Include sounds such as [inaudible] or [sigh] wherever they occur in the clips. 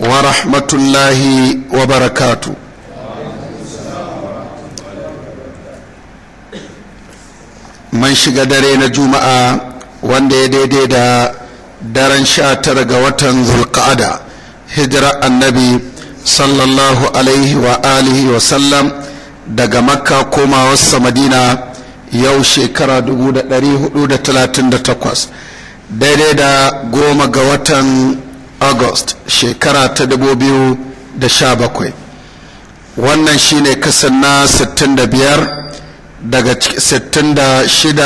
wa rahmatullahi wa barakatu man shiga dare na juma'a wanda ya daidai da daren sha tara ga watan zulqa'ada hijira annabi sallallahu alaihi wa alihi wa sallam daga makka komawarsa madina yau shekara 438 daidai da goma ga watan august shekara ta 2017 wannan shine kasan na 65 daga 66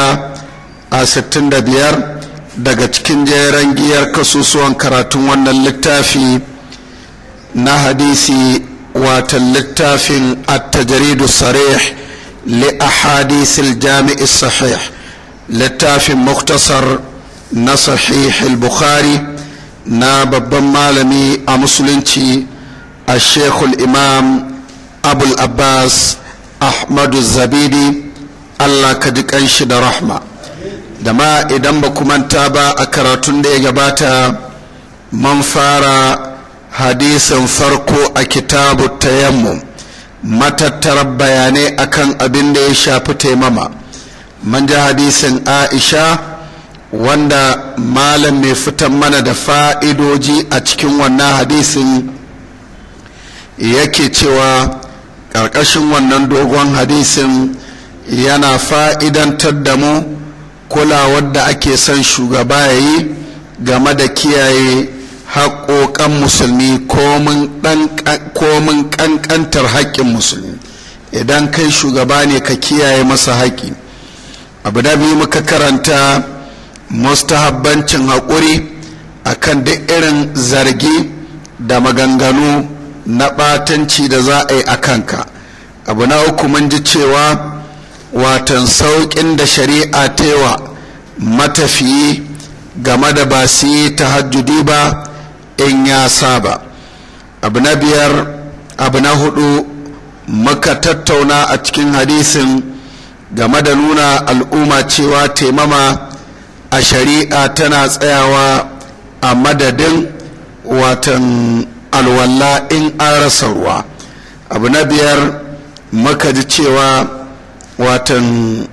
a 65 daga cikin jeren giyar kasusuwan karatun wannan littafi na hadisi watan littafin at-tajridu sarih li ahadisil jami'i sahih littafin muktasar na sahih al-bukhari na babban malami a musulunci a shekul imam abul abbas ahmadu zabidi allah ka ji kanshi da rahma da ma idan ba manta ba a karatun da ya gabata man fara hadisin farko a kitabu yammu. matattarar bayanai akan abin da ya shafi taimama man ji hadisin aisha wanda malam mai fitan mana da fa'idoji a cikin wannan hadisin yake cewa ƙarƙashin wannan dogon hadisin yana fa'idantar da mu kulawar da ake son shugaba ya yi game da kiyaye haƙoƙan musulmi komin ƙanƙantar haƙƙin musulmi idan kai shugaba ne ka kiyaye masa haƙƙi abu da biyu muka karanta mustahabbancin haƙuri a kan duk irin zargi da maganganu na ɓatanci da za a yi a kanka abu na uku mun ji cewa watan sauƙin da shari'a wa matafiyi game da ba su yi tahajjudi ba in ya saba abu na biyar abu na hudu muka tattauna a cikin hadisin game da nuna al'umma cewa taimama a shari'a tana tsayawa a madadin watan alwala in an rasa ruwa abu na biyar muka cewa watan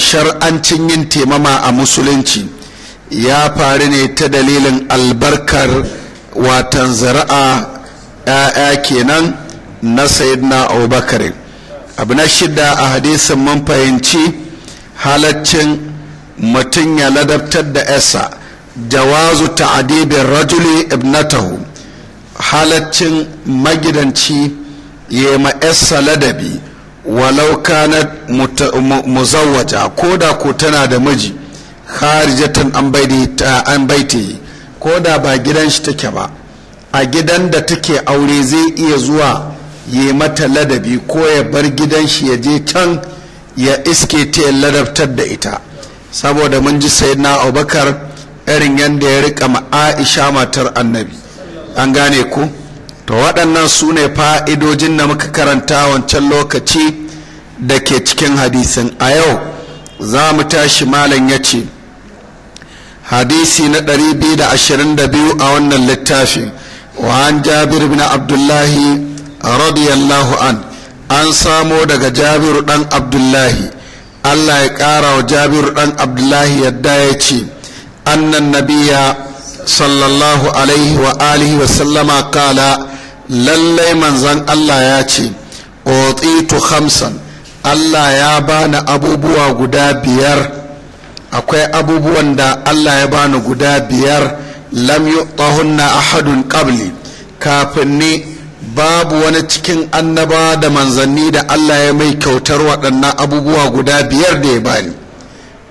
shar'ancin yin temama a musulunci ya faru ne ta dalilin albarkar watan zara'a 'ya'ya kenan na sayidina abubakar abu na shida a hadisin mun fahimci halaccin mutum ya ladabtar da esa jawazu ta'adibin rajuli ibnatahu halaccin magidanci ya ma yasa ladabi walau kana muzawwaja ko da ko tana da miji harijatan an yi ko da ba gidan shi take ba a gidan da take aure zai iya zuwa ya mata ladabi ko ya bar gidan shi ya je can ya iske ta ladabtar da ita saboda mun ji sayyidina abubakar irin yadda ya rika aisha matar annabi an gane ku to waɗannan su ne fa'idojin da muka karanta wancan lokaci da ke cikin hadisin a yau za mu tashi malam ya ce hadisi na 222 a wannan littafi wa an jabir bin abdullahi radiyallahu an an samo daga jabiru ɗan abdullahi allah ya ƙara wa jabiru ɗan abdullahi yadda ya ce annan nabiya sallallahu alaihi wa alihi wa sallama kala lallai manzan allah ya ce otitu hamsan allah ya bani abubuwa guda biyar akwai abubuwan da allah ya bani guda biyar lam yu'tahunna ahadun qabli kafin ni babu wani cikin annaba da manzanni da allah ya mai kyautar waɗannan abubuwa guda biyar da ya bani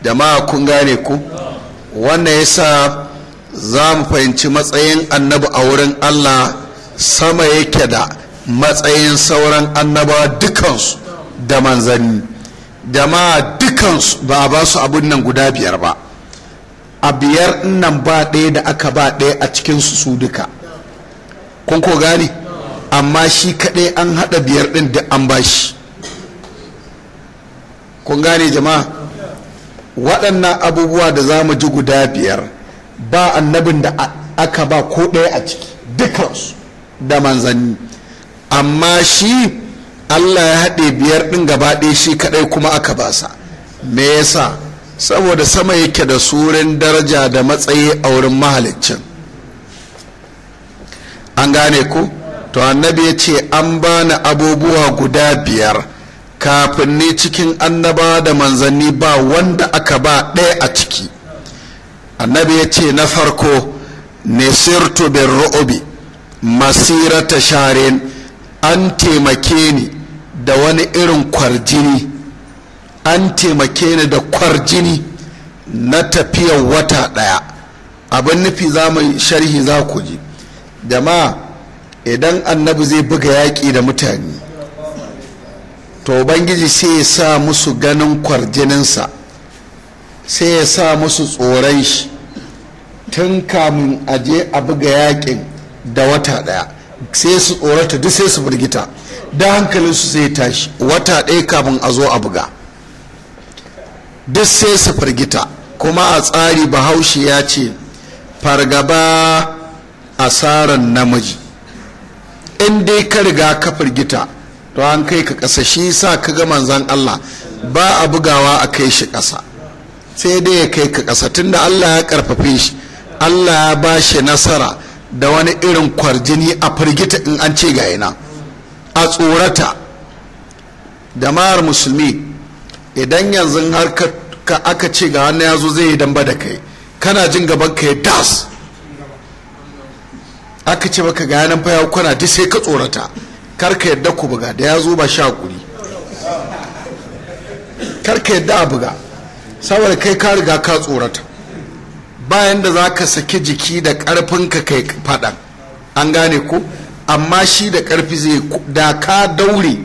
da ma kun gane ku wannan ya sa za mu fahimci matsayin annabi a wurin allah sama yake da matsayin sauran annaba dukansu da manzanni jama'a dukansu ba a ba su abin nan guda biyar ba a biyar nan ba ɗaya da aka ba ɗaya a cikinsu su duka kun ko gane amma shi kaɗai an haɗa biyar ɗin da an bashi kun gane jama'a waɗannan abubuwa da za mu ji guda biyar ba annabin da aka ba ko ɗaya a ciki dukansu da manzanni amma shi allah ya haɗe biyar ɗin gaba ɗaya shi kaɗai kuma aka basa sa me yasa saboda sama yake da surin daraja da matsayi a wurin mahaliccin an gane ku to annabi ya ce an bani abubuwa guda biyar kafin ni cikin annaba da manzanni ba wanda aka ba ɗaya a ciki annabi ya ce na farko nesirtu bin masira ta share an taimake ni da wani irin kwarjini an taimake ni da kwarjini na tafiyar wata ɗaya abin nufi za mu sharhi za ku ji jama'a idan annabi zai buga yaƙi da mutane to Bangiji sai ya sa musu ganin kwarjininsa sai ya sa musu tsoron shi tun kamun aje a buga yaƙin da wata ɗaya sai su tsorata duk sai su firgita da hankalinsu sai tashi wata ɗaya kamun a zo a buga duk sai su firgita kuma a tsari bahaushe ya ce fargaba asaran namiji in dai ka riga ka firgita to an kai ka ƙasa shi sa ka ga manzan Allah ba a bugawa a kai shi ƙasa sai dai ya kai ka ƙasa da Allah ya karfafe shi Allah ya ba shi nasara da wani irin kwarjini a firgita in an ce ga ina a tsorata da musulmi idan yanzu har aka ce ga wani ya zo zai yi damba da kai kana jin gaban ka ya das aka ce maka ga yanan faya kwana duk sai ka tsorata kar yadda ku buga da ya zo ba sha guri kar yadda a buga saboda kai ka riga ka tsorata bayan da za ka saki jiki da ƙarfinka kai faɗan an gane ko amma shi da ƙarfi zai da ka daure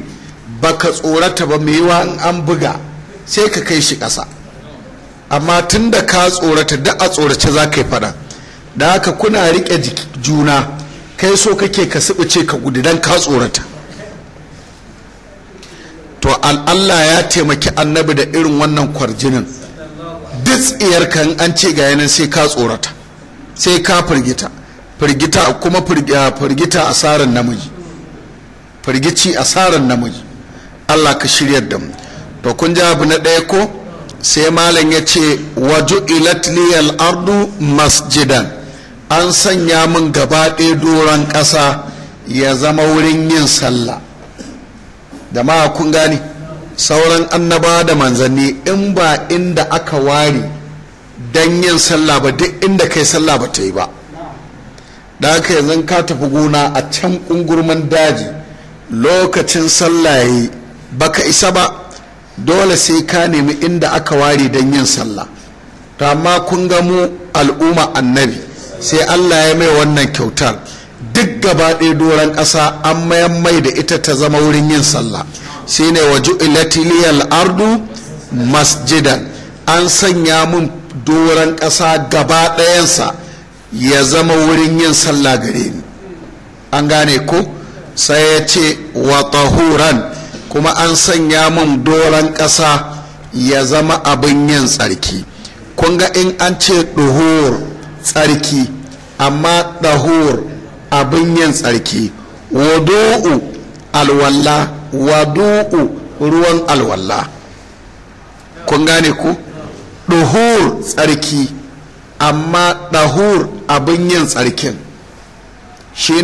ba ka tsorata ba mai yiwa an buga sai ka kai shi ƙasa amma tun da ka tsorata da a tsorace za ka yi faɗan da haka kuna riƙe juna kai so kake ka ce ka gudu don ka tsorata to Allah ya taimaki annabi da irin wannan kwarjinin duk kan an ce ga yanin sai ka tsorata sai ka firgita firgita kuma firgita asarar namiji firgici asarar namiji Allah ka shiryar da mu to kun ji abu na ɗaya ko sai malam ya ce waju ilatliyar ardu masjidan an sanya min gaba ɗaya doron ƙasa ya zama wurin yin sallah da ma kun gane sauran annaba da manzanni in ba inda aka ware don yin sallah ba duk inda kai sallah ba ta yi ba da aka yanzu ka tafi gona a can ƙungurman daji lokacin sallah yi baka isa ba dole sai ka nemi inda aka ware don yin sallah ta amma kun gamu al'umma annabi sai allah ya mai wannan kyautar duk gaba ɗaya doron ƙasa an mayan mai da ita ta zama wurin yin sallah ne wa ilatiliyar ardu masjidan an sanya mun doron ƙasa gaba ɗayansa ya zama wurin yin sallah gare ni an gane ko sai ya ce wa kuma an sanya mun doron ƙasa ya zama abin yin tsarki kun ga in an ce duhur tsarki amma ɗahur abin yin tsarki wadu'u alwalla wadu'u ruwan alwalla kun gane ku ɗahur tsarki amma ɗahur abin yin tsarkin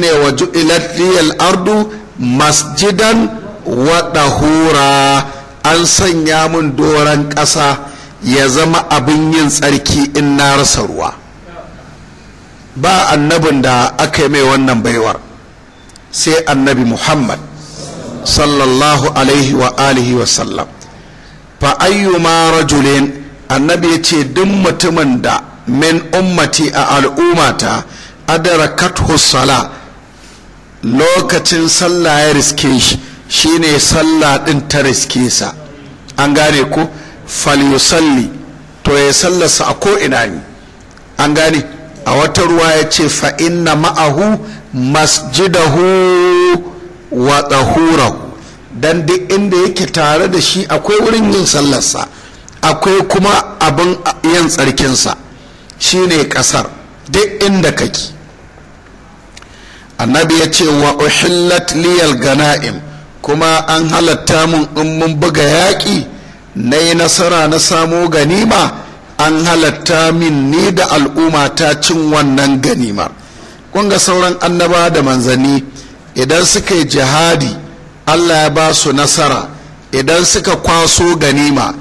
ne waju ilarriyar ardu masjidan wa ɗahura an sanya mun doron ƙasa ya zama abin yin tsarki in na rasa ruwa ba annabin da aka yi mai wannan baiwar sai annabi muhammad sallallahu alaihi wa alihi wa sallam fa ayyuma rajulin annabi ya ce duk mutumin da min ummati a al'ummata adarakathu sala lokacin sallah ya riske shi shine sallah din ta riske sa an gane ko falyusalli to ya sallarsa a ko ina ne an gane a wata ruwa ya ce fa'inna ma'ahu masjidahu wa don duk inda yake tare da shi akwai wurin yin sallarsa akwai kuma abin yin tsarkinsa shi ne ƙasar duk inda kake annabi ya ce wa uhillat liyal gana'im kuma an halatta mun in mun buga yaƙi na yi nasara na samo ganima an halatta min ni da al'umma ta cin wannan ganimar kun ga sauran annaba da manzanni idan suka yi jihadi allah ya ba su nasara idan suka kwaso ganima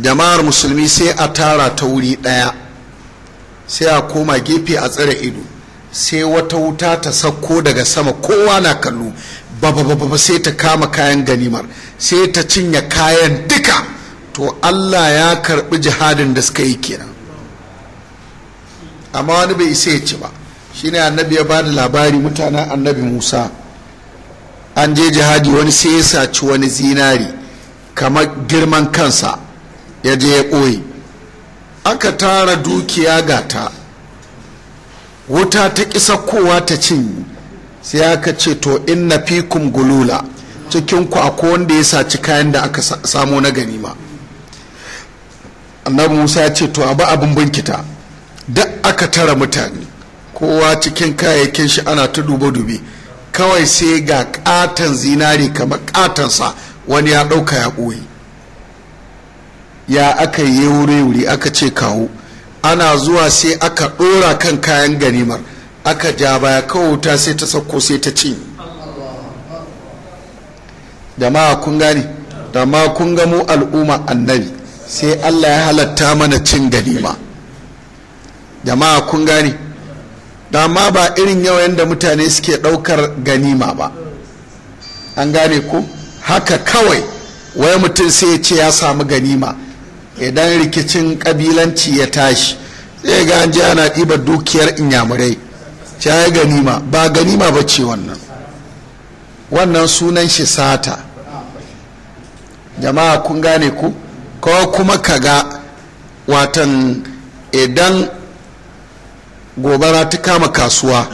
jama'ar musulmi sai a tara ta wuri ɗaya sai a koma gefe a tsare ido sai wata wuta ta sakko daga sama kowa na kallo ba ba ba sai ta kama kayan ganimar sai ta cinye kayan duka to allah ya karbi jihadin da suka yi kenan amma wani bai isa ya ci ba shine annabi ya bada labari mutanen annabi musa an je jihadi wani sai ya saci wani zinari kamar girman kansa ya je ya ɓoye aka tara dukiya ga ta wuta ta kisa kowa ta cin sai aka ce to inna fikum gulula cikinku akwai wanda ya saci kayan da aka samo na ganima annabi musa ya ce to a ba abin binkita duk aka tara mutane kowa cikin kayayyakin shi ana ta dube-dube kawai sai ga katon zinari kamar katonsa wani ya ɗauka ya ɓoye ya aka yi wuri-wuri aka ce kawo ana zuwa sai aka ɗora kan kayan ganimar aka ja baya ta sai ta sauko sai ta ci jama'a kun gani da ma kun gamo al'umma annabi sai allah ya halatta mana cin ganima jama'a kun gani dama ba irin yawa da mutane suke ɗaukar ganima ba an gane ku haka kawai wai mutum sai ya ce ya samu ganima idan rikicin kabilanci ya tashi zai ga an je ana ɗibar dukiyar inyamurai ya ganima ba ganima ba ce wannan wannan sunan shi sata jama'a kun gane ku ko kuma kaga watan idan gobara ta kama kasuwa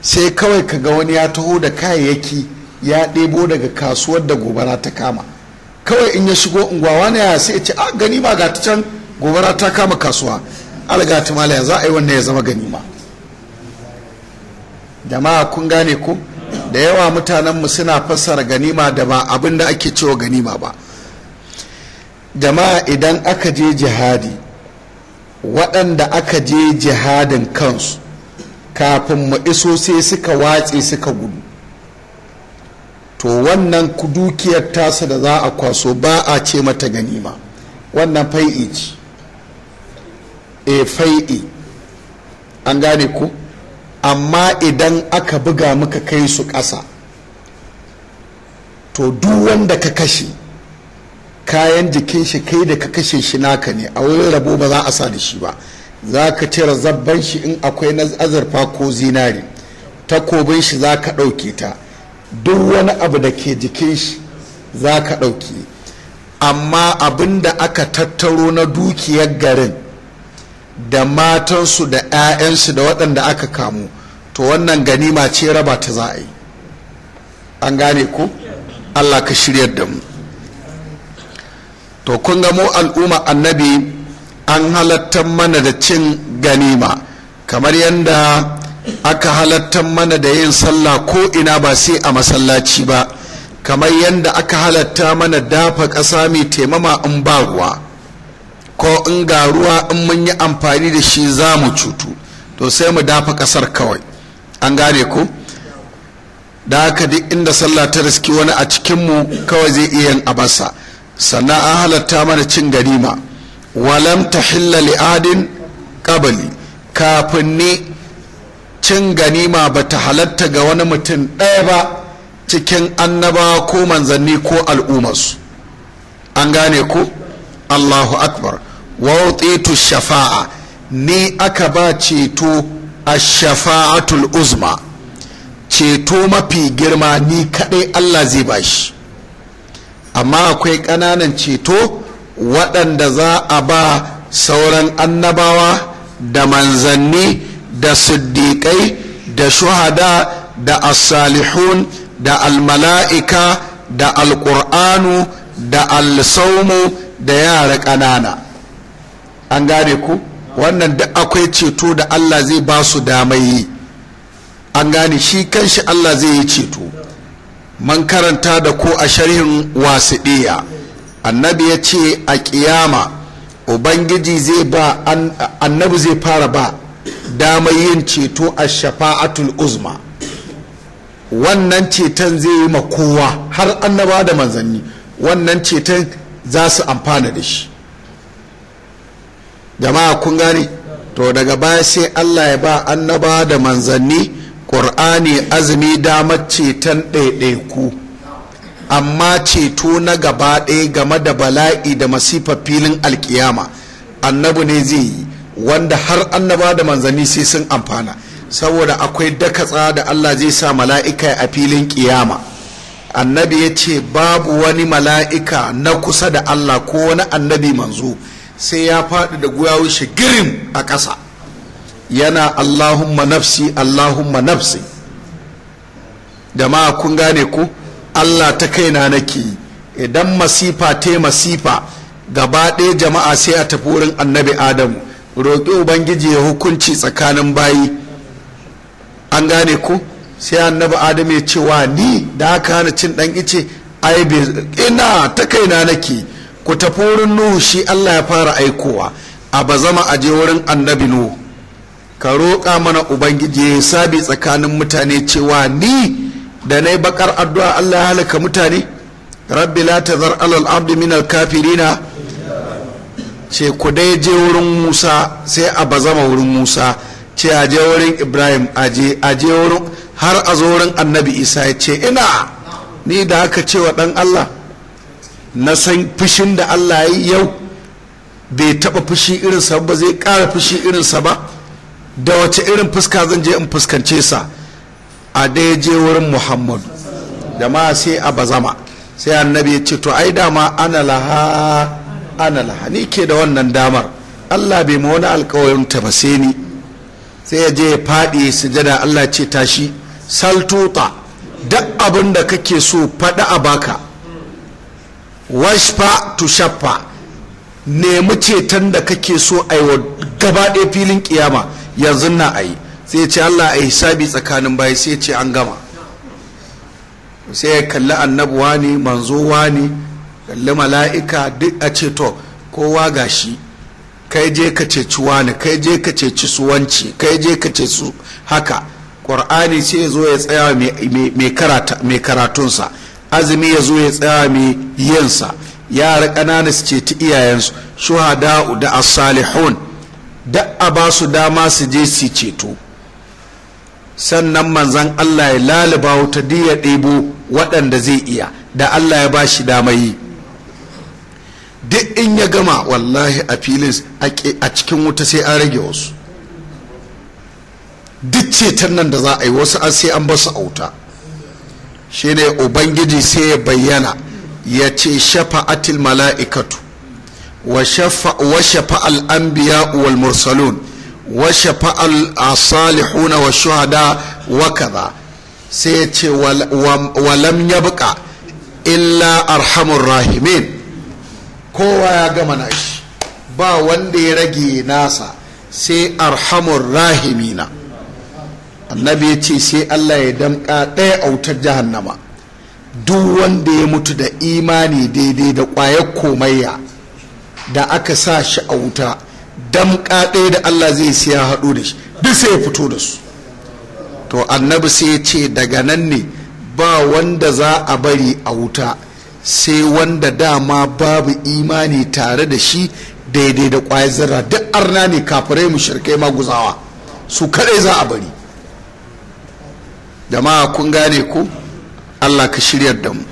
sai kawai ka ga wani ya taho da kayayyaki ya ɗebo daga kasuwar da gobara ta kama kawai in ya shigo unguwa na ya sai ce a ah, ganima ga ta can gobara ta kama kasuwa algati malaya za a yi wannan ya zama ganima jama'a kun gane ku da yawa mutanenmu suna fassara ganima da ba abin da ake cewa ganima ba jama'a idan aka je jihadi waɗanda aka je jihadin kansu kafin mu iso sai suka watse suka gudu to wannan dukiyar tasa da za a kwaso ba a ce mata ganima wannan fai'i ce e fai'i an gane ku amma idan aka buga muka kai su ƙasa to duk wanda ka kashe kayan jikin shi kai da ka kashe shi naka ne a wurin rabo ba za a sa da shi ba za ka cire zabban shi in akwai na azurfa ko zinari takobin shi za ka ɗauke ta duk wani abu da ke jikin shi za ka ɗauke amma abin da aka tattaro na dukiyar garin da matansu da 'ya'yansu da waɗanda aka kamu to wannan ganima ce raba ta za a yi an gane ko allah ka shiryar da mu to kun ga mu al'umma annabi an halattar mana da cin ganima kamar yadda aka halartar mana da yin sallah ko ina ba sai a masallaci ba kamar yadda aka halatta mana dafa ƙasa mai taimama in ba ruwa ko in ga ruwa in mun yi amfani da shi za mu cutu to sai mu dafa ƙasar kawai an gane ku. da haka duk inda sallah ta riski wani a cikinmu kawai zai iya yin abasa sannan an halatta mana cin ganima walam ta tahilla li'adin qabli kafin ne cin ganima ba ta halatta ga wani mutum ɗaya ba cikin annaba ko manzanni ko al'ummarsu an gane ku. allahu akbar wautsitu shafa'a ni aka ba ceto a shafa'atul uzma ceto mafi girma ni kaɗai allah zai bashi amma akwai ƙananan ceto waɗanda za a ba sauran annabawa da manzanni da siddiƙai da shuhada da asalihun salihun da almala'ika da alƙur'anu da alsaumu da yara ƙanana an gane ku wannan duk akwai ceto da allah zai ba su damai an gane shi kanshi allah zai yi ceto man karanta da ko a sharhin wasiɗiya annabi ya ce a ƙiyama ubangiji zai ba annabi zai fara ba damar yin ceto a shafa'atul uzma wannan ceton zai yi ma kowa har annaba da manzanni wannan ceton za su amfana da shi jama'a kun gane to daga baya sai allah ya ba annaba da manzanni ƙur'ani azumi damar ceton ɗaiɗaiku amma ceto na gaba ɗaya game da bala'i da masifar filin alkiyama annabi ne zai yi wanda har annaba da manzanni sai sun amfana saboda akwai dakatsa da allah zai sa mala'ika a filin kiyama annabi ya ce babu wani mala'ika na kusa da allah ko wani annabi manzo sai ya faɗi da guyawun shi girim a ƙasa yana allahumma nafsi allahumma nafsi ma kun gane ku allah ta kaina nake idan masifa ta masifa gaba ɗaya jama'a sai a tafi wurin annabi adamu roƙi ubangiji ya hukunci tsakanin bayi an gane ku sai annabi adamu ya ce wa ni da aka hana cin ɗan ice ai ina ta kaina nake ku tafi wurin nuhu shi allah ya fara aikowa a ba zama a je wurin annabi nuhu ka roƙa mana ubangiji ya sabi tsakanin mutane cewa ni da na yi bakar addu'a allah ya halaka mutane rabbi la zar alal abdi min kafirina ce ku dai je wurin musa sai a zama wurin musa ce a je wurin ibrahim a je a je wurin har a zo wurin annabi isa ya ce ina ni da aka ce wa ɗan allah na san fushin da allah ya yi yau bai taɓa fushi irinsa ba zai ƙara fushi irinsa ba da wace irin fuska zan je in fuskance sa a dai je wurin muhammadu da ma sai a bazama sai annabi ya ce to ai dama ana laha ana laha ni ke da wannan damar allah bai ma wani alkawarin ta ba sai ni sai ya je ya faɗi sujada allah ce tashi saltuta duk abin da kake so faɗi a baka washfa tu shaffa nemi ceton da kake so aiwa gaba ɗaya filin kiyama yanzu na a yi sai ce allah a hisabi tsakanin bayi sai ce an gama sai ya kalli annabuwa ne manzowa ne kalli mala'ika duk a ce to kowa gashi kai je ka ceci wani kai je ka ceci suwanci kai je ka ce su haka ƙwar'ani sai ya zo ya tsaya mai karatunsa azumi ya zo ya tsaya mai yinsa yara ƙanana su ceci iyayensu shuhada'u da as-salihun da a ba su dama su je su ceto sannan manzan Allah ya lalaba wuta diya ɗebo waɗanda zai iya da Allah ya ba shi dama yi duk in ya gama wallahi a filin a cikin wuta sai an rage wasu duk ceton nan da za a yi wasu an sai an basu auta shine ubangiji sai ya bayyana ya ce shafa'atil mala'ikatu وشفع الأنبياء والمرسلون وشفع الصالحون والشهداء وكذا سيتي ولم يبقى إلا أرحم الراحمين kowa ya gama nashi ba wanda ya rage nasa sai arhamun rahimina annabi ya ce sai allah ya damƙa ɗaya a autar jahannama duk wanda ya mutu da imani daidai da ƙwayar komayya da aka sa shi a wuta damƙa ɗaya da allah zai siya haɗu da shi duk sai ya fito da su to annabi sai ya ce daga nan ne ba wanda za a bari a wuta sai wanda dama babu imani tare da shi daidai da ƙwayar zarra duk arna ne kafirai ma maguzawa su kaɗai za a bari jama'a kun gane ku allah ka shirya da mu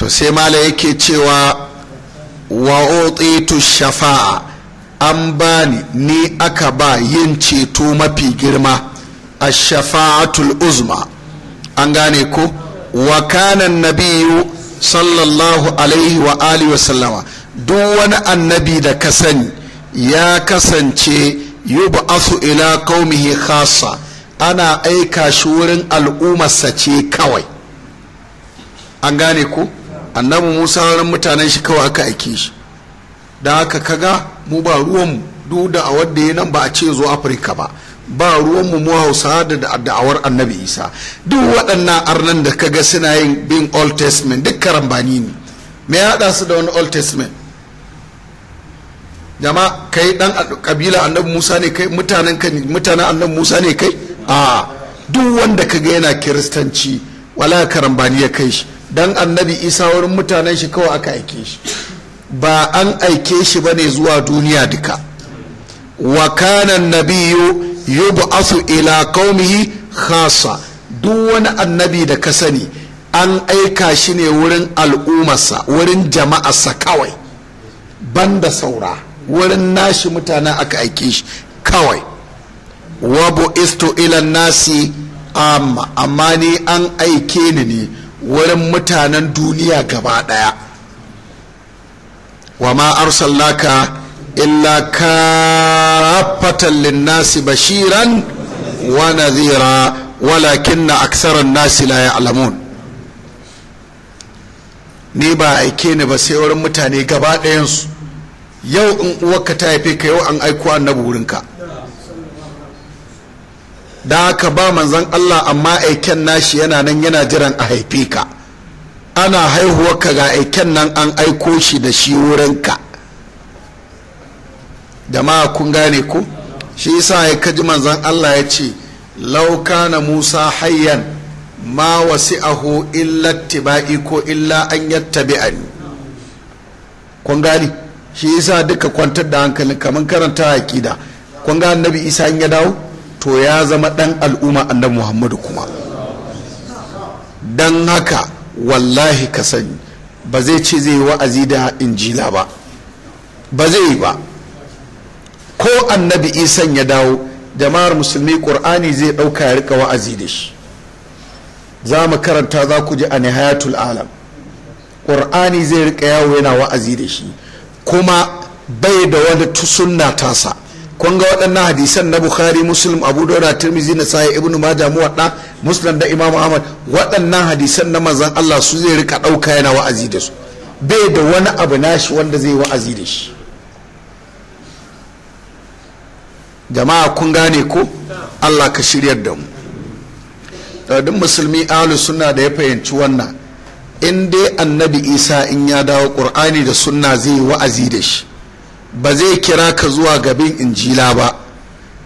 to sai mala yake cewa wa shafa'a an bani ni aka ba yin ceto mafi girma a shafaatul uzma an gane ko wa kanan nabiyu sallallahu alaihi wa alihi duk wani annabi da ka sani ya kasance yub'asu ila kaumihi khasa ana aika shi wurin al'ummarsa ce kawai an gane ko annabi musa ran mutanen shi kawai aka aike shi don haka kaga mu ba ruwanmu duk da a wadda ya nan ba a ce zo afirka ba ba ruwanmu mu hausa da da'awar annabi isa duk waɗannan arnan da kaga suna yin bin old testament duk karambani ne me ya haɗa su da wani old testament jama kai dan kabila annabi musa ne kai mutanen mutanen annabi musa ne kai a duk wanda kaga yana kiristanci wala karambani ya kai shi dan annabi isa wurin mutanen shi kawai aka aike shi ba an aike shi ba ne zuwa duniya duka wa kana nabiyu yub'asu ila qaumihi khasa duk wani annabi da ka sani an aika shi ne wurin al'ummarsa wurin jama'arsa kawai banda saura wurin nashi mutanen aka aike shi kawai wa bu'istu ila nasi amma amma ni an aike ni ne wurin mutanen duniya gaba ɗaya wa ma arsalnaka illa kafatan linnasi bashiran wa walakin na aksaran nasi la ya'lamun ni ba aike ni ba sai wurin mutane gaba ɗayansu yau in uwarka ta haife ka yau an aiko annabi wurinka da haka ba manzan Allah amma aiken nashi yana nan yana jiran a haife ka ana haihuwa ka ga aiken nan an aiko shi da shi wurinka jama'a kun gane ko shi yasa ya kaji manzan Allah ya ce lauka na Musa hayyan ma aho illa tiba'i ko illa an yattabi'ani kun gane shi yasa duka kwantar da hankali kamar karanta aqida kun ga annabi Isa in ya dawo to ya zama dan al'umma annabi muhammadu kuma dan haka wallahi ka sani ba zai ce zai yi wa'azi da injila ba ba zai yi ba ko annabi isan ya dawo jama'ar musulmi ƙur'ani zai ɗauka ya rika wa'azi da shi za mu karanta za ku ji a nihayatul alam ƙur'ani zai rika yawo yana wa'azi da shi kuma bai da wani tusunna tasa kun ga waɗannan hadisan na bukhari muslim abu daura tirmizi na Ibn ibnu maja muwadda muslim da imam ahmad waɗannan hadisan na manzan allah su zai rika ɗauka yana wa'azi da su bai da wani abu nashi wanda zai wa'azi da shi jama'a kun gane ko allah ka shiryar da mu ɗaudin musulmi alu suna da ya fahimci wannan in dai annabi isa in ya dawo ƙur'ani da sunna zai wa'azi da shi ba zai kira ka zuwa gabin injila ba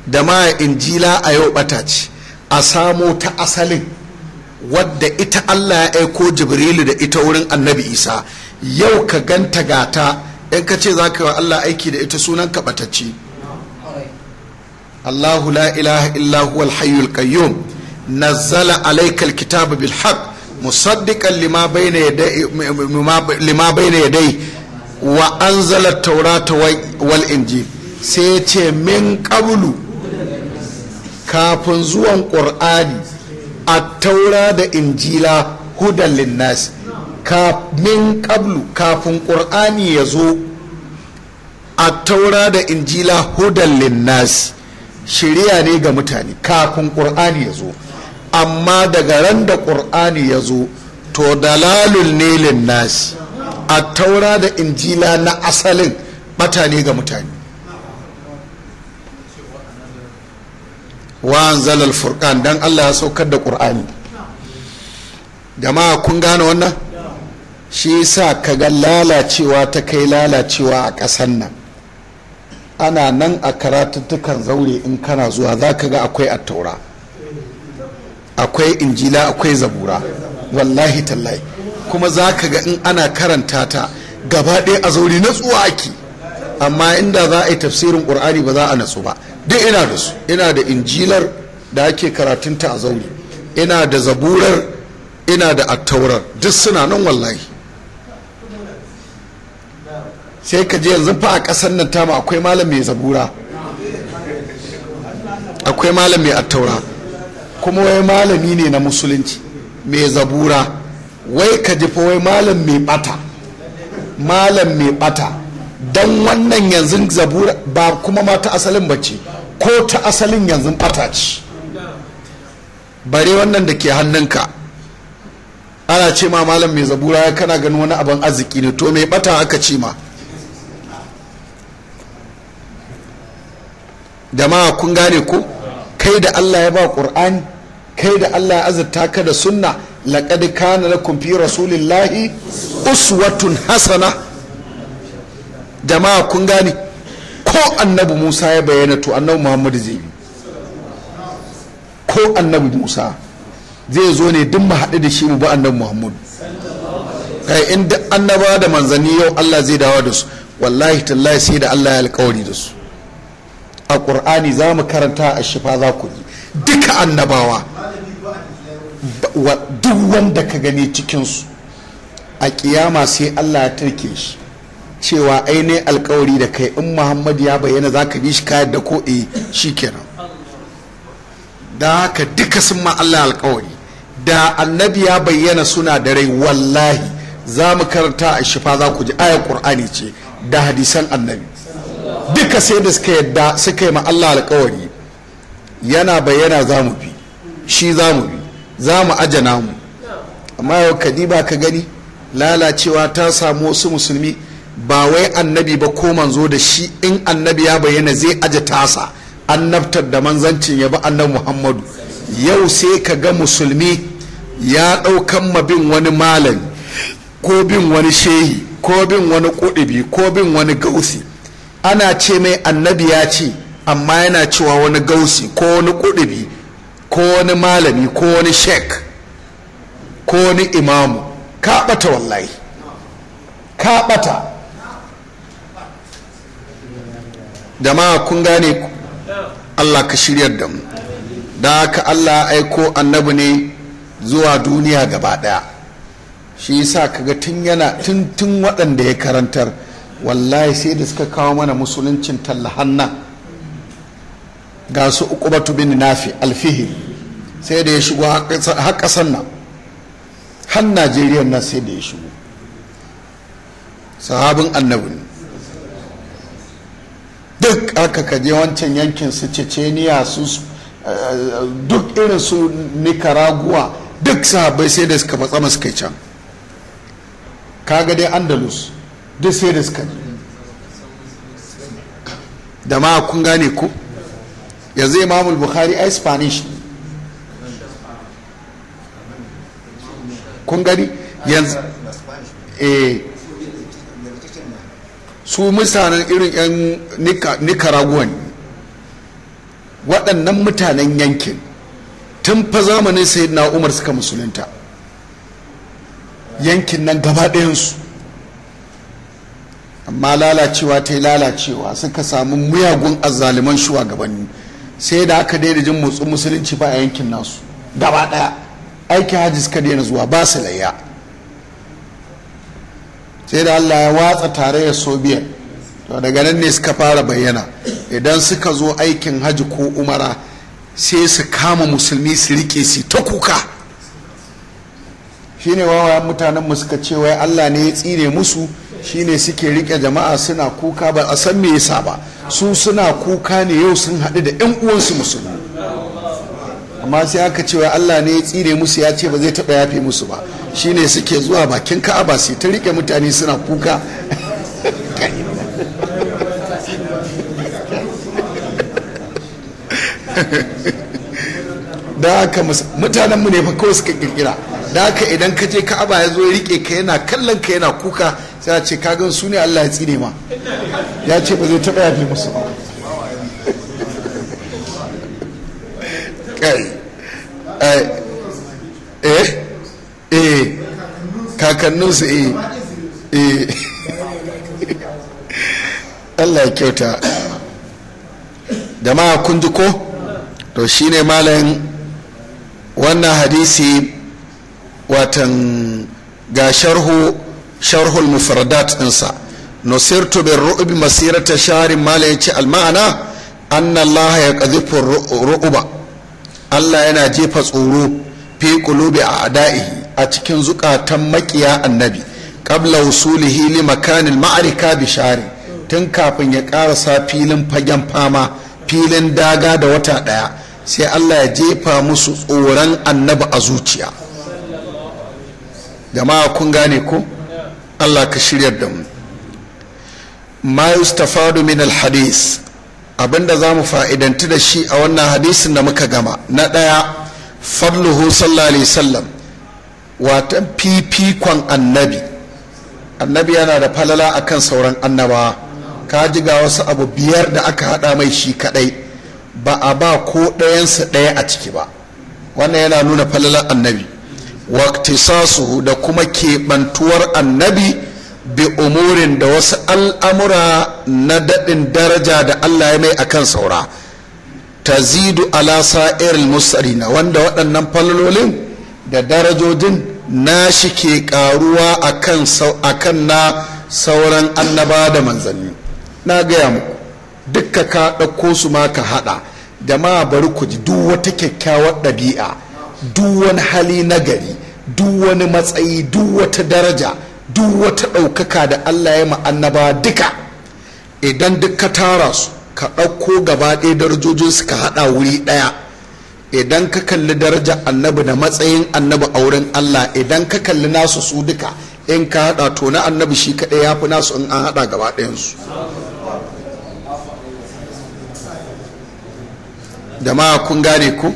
da ma injila a yau bata ce a samo ta asalin wadda ita allah ya aiko jibrilu da ita wurin annabi isa yau ka ganta gata in ka ce za ka yi wa allah aiki da ita sunan ka ce allahu la ilaha illa huwal hayyul qayyum nazzala alaikal kitaba bil haqq musaddiqan lima bayna yaday wa taura taurata wal injil sai ya ce min qablu kafin zuwan ƙur'ani a taura da injila hudan linnas min qablu kafin ƙur'ani ya zo a taura da injila hudan linnas shirya ne ga mutane kafin ƙur'ani ya zo amma daga ran da ƙur'ani ya zo to dalalul ne linnas a taura da injila na asalin bata ga mutane wa zalal furqan dan Allah ya saukar da qur'ani jama'a kun gane wannan shi sa kaga lalacewa ta kai lalacewa a ƙasan nan ana nan a karatuttukan zaure in kana zuwa za ka ga akwai taura akwai injila akwai zabura wallahi tallahi kuma za ka ga in ana karanta ta gaba ɗaya a zauri na tsuwa ake amma inda za a yi tafsirin ƙur'ani ba za a natsu ba duk ina da su ina da injilar da ake karatunta a zauri ina da zaburar ina da attaurar duk suna nan wallahi sai ka je yanzu fa a ƙasar nan tamu akwai malam mai zabura akwai malam mai attaura kuma wai malami ne na musulunci mai zabura wai ka ji wai malam mai bata malam mai bata don wannan yanzu zabura ba kuma ma ta asalin bace ko ta asalin yanzu bata ce bare wannan da ke hannunka ana ce ma malam mai zabura ya kana ganin wani abin arziki ne to mai bata aka ce ma jama'a kun gane ko kai da allah ya ba ƙur'ani kai da allah ya azurta ka da sunna laƙad kana na kumfi rasulillahi uswatun hasana jama'a kun gane ko annabi musa ya bayyana to annabi muhammadu zai bi ko annabi musa zai zo ne duk mu haɗu da shi mu ba annabi muhammadu kai in duk annaba da manzanni yau allah zai dawo da su wallahi tallahi sai da allah ya alkawari da su a ƙur'ani za mu karanta a shifa za ku yi duka annabawa duk wanda ka gani cikinsu a kiyama sai allah ya tarke shi cewa ainihin alkawari da kai in muhammadu ya bayyana za ka bi shi kayar da ko e shi kenan da haka duka sun ma allah alkawari da annabi ya bayyana suna da rai wallahi za mu karanta a shifa za ku ji ayar ƙur'ani ce da hadisan annabi duka sai da suka yadda suka yi ma allah alkawari yana bayyana za mu bi shi za mu bi za mu aje namu amma yau ba ka gani lalacewa ta samu wasu musulmi ba wai annabi ba ko manzo da shi in annabi ya bayyana zai aje tasa annabtar da manzancin ya bi annabi muhammadu yau sai ka ga musulmi ya ɗaukan ma bin wani malami ko bin wani shehi ko bin wani ƙudubi ko bin wani gausi ana ce mai annabi ya ce amma yana cewa wani gausi ko wani ƙudubi ko wani malami ko wani shek ko wani imamu ka ɓata wallahi ka ɓata jama'a kun gane allah ka shiryar da mu da haka allah aiko annabi ne zuwa duniya gaba ɗaya shi yasa kaga tun yana tun waɗanda ya karantar wallahi sai da suka kawo mana musuluncin tallahanna ga su batu bin nafi alfihim sai da ya shigo har kasan nan har najeriya nan sai da ya shigo sahabin annabi ne duk aka kaje wancan yankin su ceceniya su eh, duk irin su nicaragua duk sahabai sai da suka matsama suka can kaga dai andalus duk sai da suka da ma kun gane ku yanzu imamul bukhari a spanish ne kun gani yanzu eh. su mutanen irin 'yan nicaraguan waɗannan mutanen yankin tun fa zamanin sai na umar suka musulunta yankin nan gaba ɗayansu amma lalacewa ta yi lalacewa suka samu muyagun azzaliman shugabanni sai da aka daidajin jin motsin musulunci ba a yankin nasu gaba ɗaya aiki hajji suka daina zuwa ba su layya sai da allah ya watsa tarayyar soviet to daga nan ne suka fara bayyana idan suka zo aikin hajji ko umara sai su kama musulmi su rike su ta kuka Shi ne wawayen mutanen mu suka ce wai allah ne ya tsire musu shi ne suke rike jama'a suna kuka ba a san me yasa ba su suna kuka ne yau sun haɗu da 'yan uwansu musulmi amma sai aka cewa Allah ne ya tsire musu ya ce ba zai taɓa yafe musu ba shine suke zuwa bakin ka'aba sai ta rike mutane suna kuka da haka mutanen mu ne fa kawai suka kirkira da haka idan ka je ka'aba ya zo ya rike ka yana kallon ka yana kuka sai a ce kagan su ne Allah ya tsire ma ya ce ba zai taɓa yafe musu ba kai eh eh, eh su eh eh [laughs] Allah ya kyauta jama'a kun ji ko to shine malayin wannan hadisi watan ga sharhu sharhul mufradat ɗinsa nusirtu bin ru'ubi masirata sharin malayin ce alma'ana anna Allah ya ƙazifin ru'uba allah yana jefa tsoro fi a a'da'ihi a cikin zukatan makiya annabi qabla wusulihi li makanil ma'arika bi tun kafin ya karasa filin fagen fama filin daga da wata daya sai allah ya jefa musu tsoron annabi a zuciya jama'a kun gane ko allah ka shiryar da mu ma yustafadu min al-hadis abinda za mu fa'idanti da shi a wannan hadisin da muka gama na ɗaya fadluhu sallallahu alaihi watan fifikon annabi annabi yana da falala akan sauran annabawa ka ji ga wasu abu biyar da aka haɗa mai shi kaɗai ba a ba ko ɗayansa ɗaya a ciki ba wannan yana nuna falalar annabi waktisasu da kuma keɓantuwar annabi bi umurin da wasu al'amura na daɗin daraja da Allah ya mai a kan saura ta zidu ala musari musarina wanda waɗannan falalolin da darajojin na shi ke ƙaruwa a kan na sauran annaba da manzanni na gaya muku dukka ka ɗauko su ma ka haɗa jama'a bari ku ji duk wata kyakkyawar ɗabi'a duk wani hali nagari duk wani matsayi duk wata daraja duk wata ɗaukaka da allah ya annaba duka idan duk ka tara su ka ɗauko gaba ɗaya darajojin su ka haɗa wuri ɗaya idan ka kalli daraja annabi da matsayin annabi a wurin allah idan ka kalli nasu su duka in ka haɗa to na annabi shi kaɗai ya fi nasu in an haɗa gaba ɗayansu jama'a kun gane ku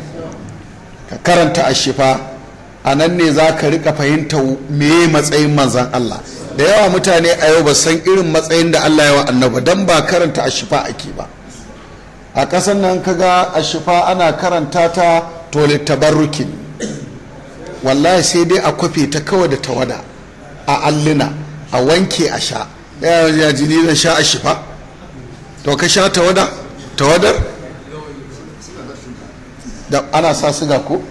ka karanta a shifa a nan ne za ka rika fahimta me matsayin manzan Allah da yawa mutane a yau ba san irin matsayin da Allah ya wa annaba don ba karanta a shifa ake ba a ƙasan nan ka ga a shifa ana karanta ta tole tabarrukin wallahi sai dai a kwafe ta kawai da tawada a allina a wanke a sha ɗaya ya jini na sha a shifa to ka sha tawada tawadar da ana sa siga ko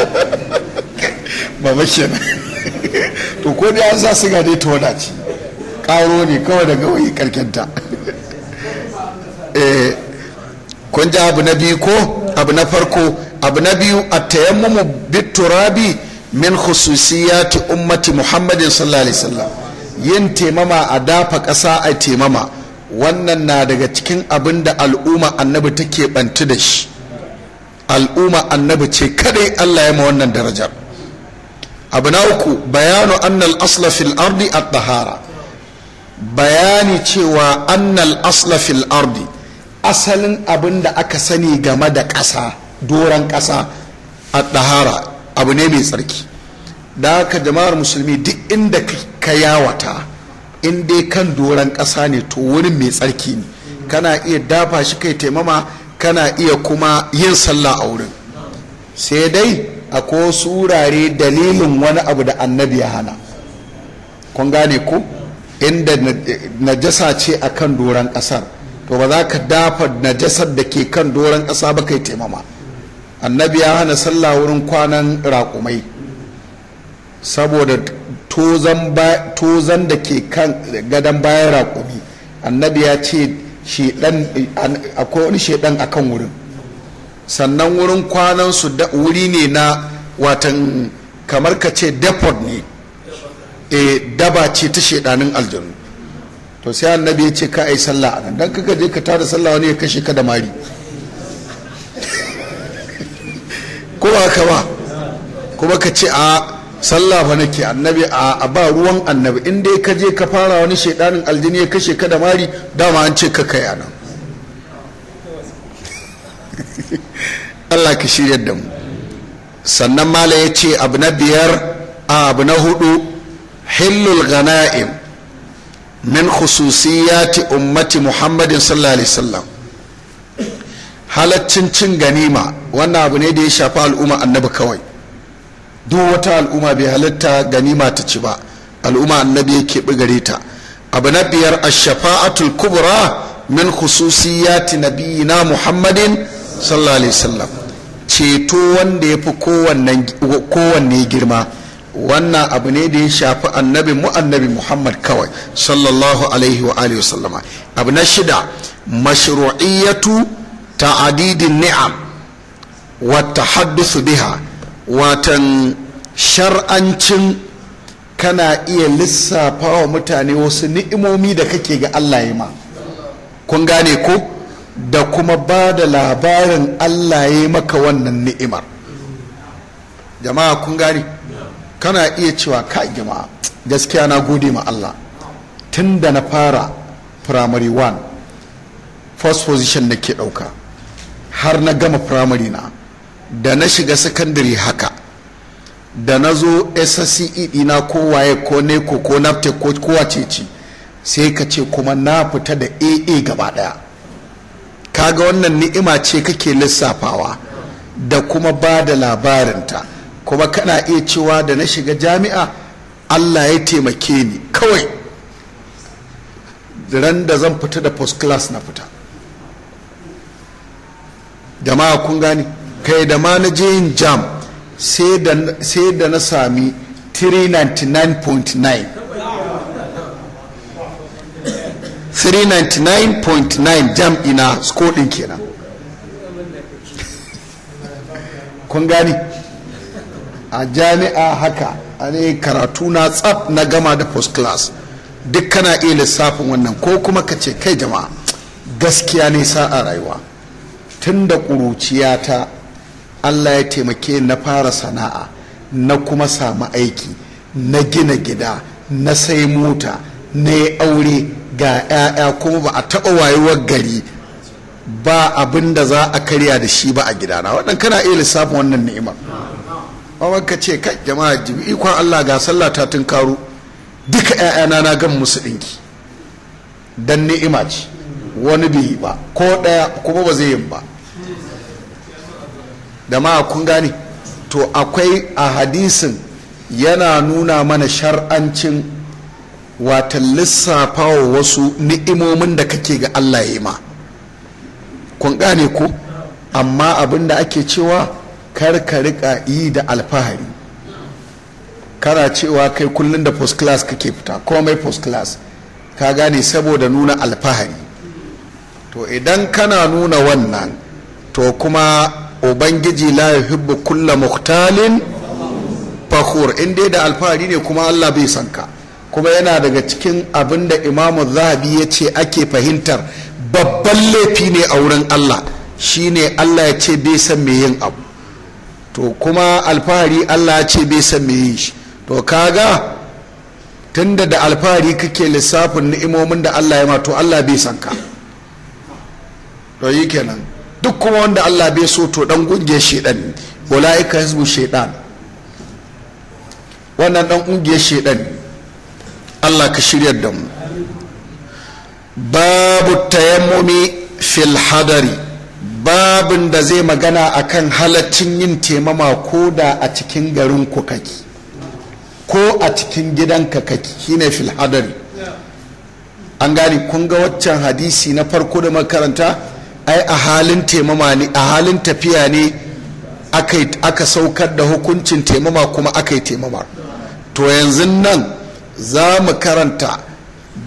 [laughs] mama kenan to ko dai an sa su dai ta wadace karo ne kawai daga wani karkenta eh, kun ji abu na biyu ko abu na farko abu na biyu a tayan tayammumu biturabi min ta ummati muhammadin sallallahu alaihi wasallam yin taimama a dafa ƙasa a taimama wannan na daga cikin abin da al'umma annabi take bantu da shi al'umma annabi ce kadai Allah ya ma wannan darajar abu na uku bayanu annal asla fil ardi at-tahara bayani cewa annal asla fil ardi asalin abin da aka sani game da ƙasa doron ƙasa at-tahara abu ne mai tsarki da haka jama'ar musulmi duk inda ka yawata in dai kan doron ƙasa ne to wurin mai tsarki ne kana iya dafa shi kai taimama kana iya kuma yin sallah a wurin sai dai akwai wasu wurare dalilin wani abu da annabi ya hana kun gane ko inda najasa ce a kan doron ƙasar to ba za ka dafa najasar da ke kan doron ƙasa ba kai taimama annabi ya hana sallah wurin kwanan raƙumai saboda tozan da ke kan gadon bayan raƙumi annabi ya ce akwai wani shedan akan wurin sannan wurin kwanan su wuri ne na watan kamar ka ce depot ne e daba ce ta shedanin aljanu to sai annabi ya ce ka ai sallah nan dan kaka je ka tara sallah wani ya kashe ka da mari [laughs] ko ba ka ba kuma ka ce a sallah fa nake annabi a ba ruwan annabi in dai ka je ka fara wani shaidanin aljini ya kashe ka da mari dama an ce ka kai anan [laughs] Allah ka shirya da mu sannan mala ya ce abu na biyar a abu na hudu hillul ghana'im min khususiyati ummati muhammadin sallallahu alaihi wasallam halaccin cin ganima wannan abu ne da ya shafi al'umma annabi kawai duk wata al'umma bai halitta ganima ta ci ba al'umma annabi ya keɓi gare ta abu na biyar ashafa'atul kubra min khususiyati nabiyina muhammadin sallallahu alaihi wasallam ceto wanda ya fi kowanne girma wannan abu ne da ya shafi annabi mu annabi muhammad kawai sallallahu alaihi wa alihi wasallama abu na shida mashru'iyatu ta'adidin ni'am wa biha watan shar'ancin kana iya lissafa wa mutane wasu ni'imomi da kake ga Allah ya ma kun gane ko da kuma ba da labarin Allah ya maka wannan ni'imar jama'a kun gane kana iya cewa ka jama'a gaskiya na gode ma Allah tun da na fara primary one first position nake ɗauka har na gama primary na da na shiga sakandare haka da na zo sse dina kowaye ko neko ko nafte ko kowace ce sai ka ce kuma na fita da aa gaba daya kaga wannan ni'ima ce kake lissafawa da kuma ba da labarinta kuma kana iya cewa da na shiga jami'a allah ya taimake ni kawai ran da zan fita da post class na fita jama'a kun gani kai da ma na yin jam sai da na sami 399.9 399.9 jam ina skodin kenan kun gani a jami'a haka a ne karatu na tsaf na gama da post class duk kana iya lissafin wannan ko kuma ka ce kai jama'a gaskiya ne sa a rayuwa tun da ta allah ya taimake na fara sana'a na kuma samu aiki na gina gida na sai mota na yi aure ga 'ya'ya kuma ba a taɓa wayewar gari ba abin da za a karya da shi ba a gidana waɗan kana iya lissafin wannan ni'imar wawan ka ce kai jama'a jibi ikon allah ga sallah ta tun karu duka 'ya'yana na gan musu ɗinki don ni'ima ce wani bai yi ba ko ɗaya kuma ba zai yi ba da ma kun gane to akwai a hadisin yana nuna mana shar'ancin wata lissafa wa wasu ni'imomin da kake ga Allah ya ma kun gane ko amma abin da ake cewa karka ka rika yi da alfahari kana cewa kai kullum da post class kake fita komai post class ka gane saboda nuna alfahari to idan kana nuna wannan to kuma ubangiji la hibbu kulla muktalin fakhur in dai da alfahari ne kuma Allah bai san kuma yana daga cikin abin da imamu zahabi ya ce ake fahimtar babban laifi ne a wurin Allah shine Allah ya ce bai san me yin abu to kuma alfahari Allah ya ce bai san me yin shi to kaga tunda da alfahari kake lissafin ni'imomin da Allah ya mato Allah bai san to yi kenan duk kuma wanda Allah bai so to dan kungiyar shedan ulaika hizbu shedan wannan dan kungiyar shedan Allah ka shiryar da mu babu tayammumi fil hadari babin da zai magana akan halaccin yin taimama ko da a cikin garin ku kake ko a cikin gidanka kake shine fil hadari an gani. kun ga waccan hadisi na farko da makaranta ai a halin taimama ne a halin tafiya ne aka saukar da hukuncin taimama kuma aka yi taimamar to yanzu nan za mu karanta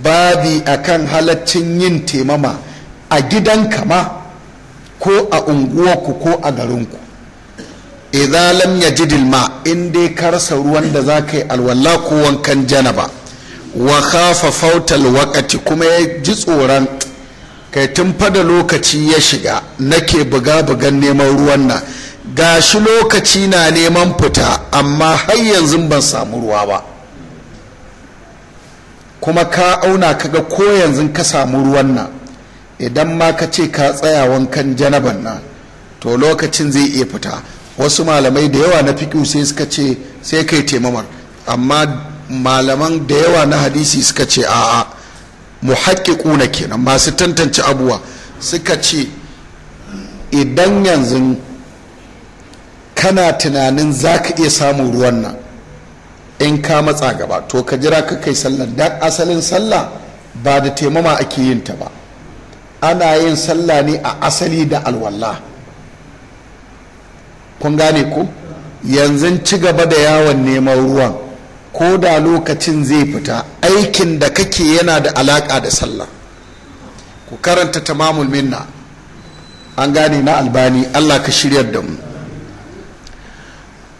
babi akan halaccin yin taimama a gidan kama ko a unguwarku ko a garinku idza lam yajidil ma in dai karsa ruwan da za ka yi alwala ko wankan janaba wa khafa fautal waqati kuma ya ji tsoron kai tun fada lokaci ya shiga nake buga-bugan neman ruwan nan gashi lokaci na neman fita amma har yanzu ban samu ruwa ba kuma ka auna kaga ko yanzu ka samu ruwan nan idan ma ka ce ka tsaya wankan janaban nan to lokacin zai iya fita wasu malamai da yawa na fiƙi sai suka ce sai kai taimamar amma malaman da yawa na hadisi suka ce a'a muhaƙiƙuna kenan masu tantance abuwa suka ce idan yanzu kana tunanin za ka iya samun ruwan nan in ka matsa gaba to ka jira ka kai sallah dan asalin sallah ba da taimama ake yin ta ba ana yin sallah ne a asali da alwala kun gane ku yanzu ci gaba da yawon neman ruwan ko da lokacin zai fita aikin da kake yana da alaƙa da sallah ku karanta tamamul minna an gane na albani allah ka shiryar da mu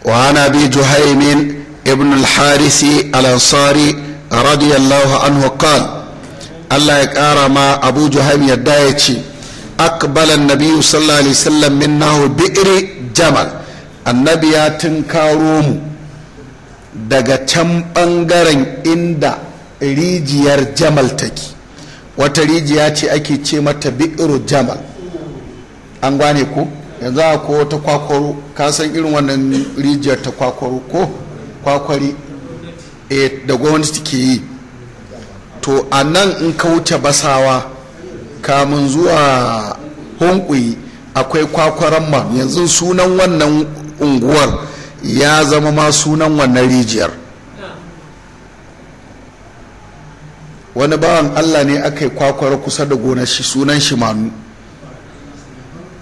wa ana bi juhaimin ibn al-harisi al-ansari radiyallahu anhu qal allah ya kara ma abu juhaim yadda ya ce akbalan nabi sallallahu alaihi wasallam minna bi'ri jamal annabi ya tunkaro mu daga can ɓangaren inda rijiyar jamal take wata rijiya ce ake ce mata bi'iru jamal an gane ko yanzu a ko ta kwakwaro ka san irin wannan rijiyar ta kwakwaro ko kwakwari eh, da gwamnati ke yi to a nan in ka wuce basawa kamun zuwa hunkuyi akwai kwakwaran ma yanzu sunan wannan unguwar ya zama ma sunan wannan rijiyar wani bawan allah ne aka yi kwakwara kusa da gonar shi sunan shi manu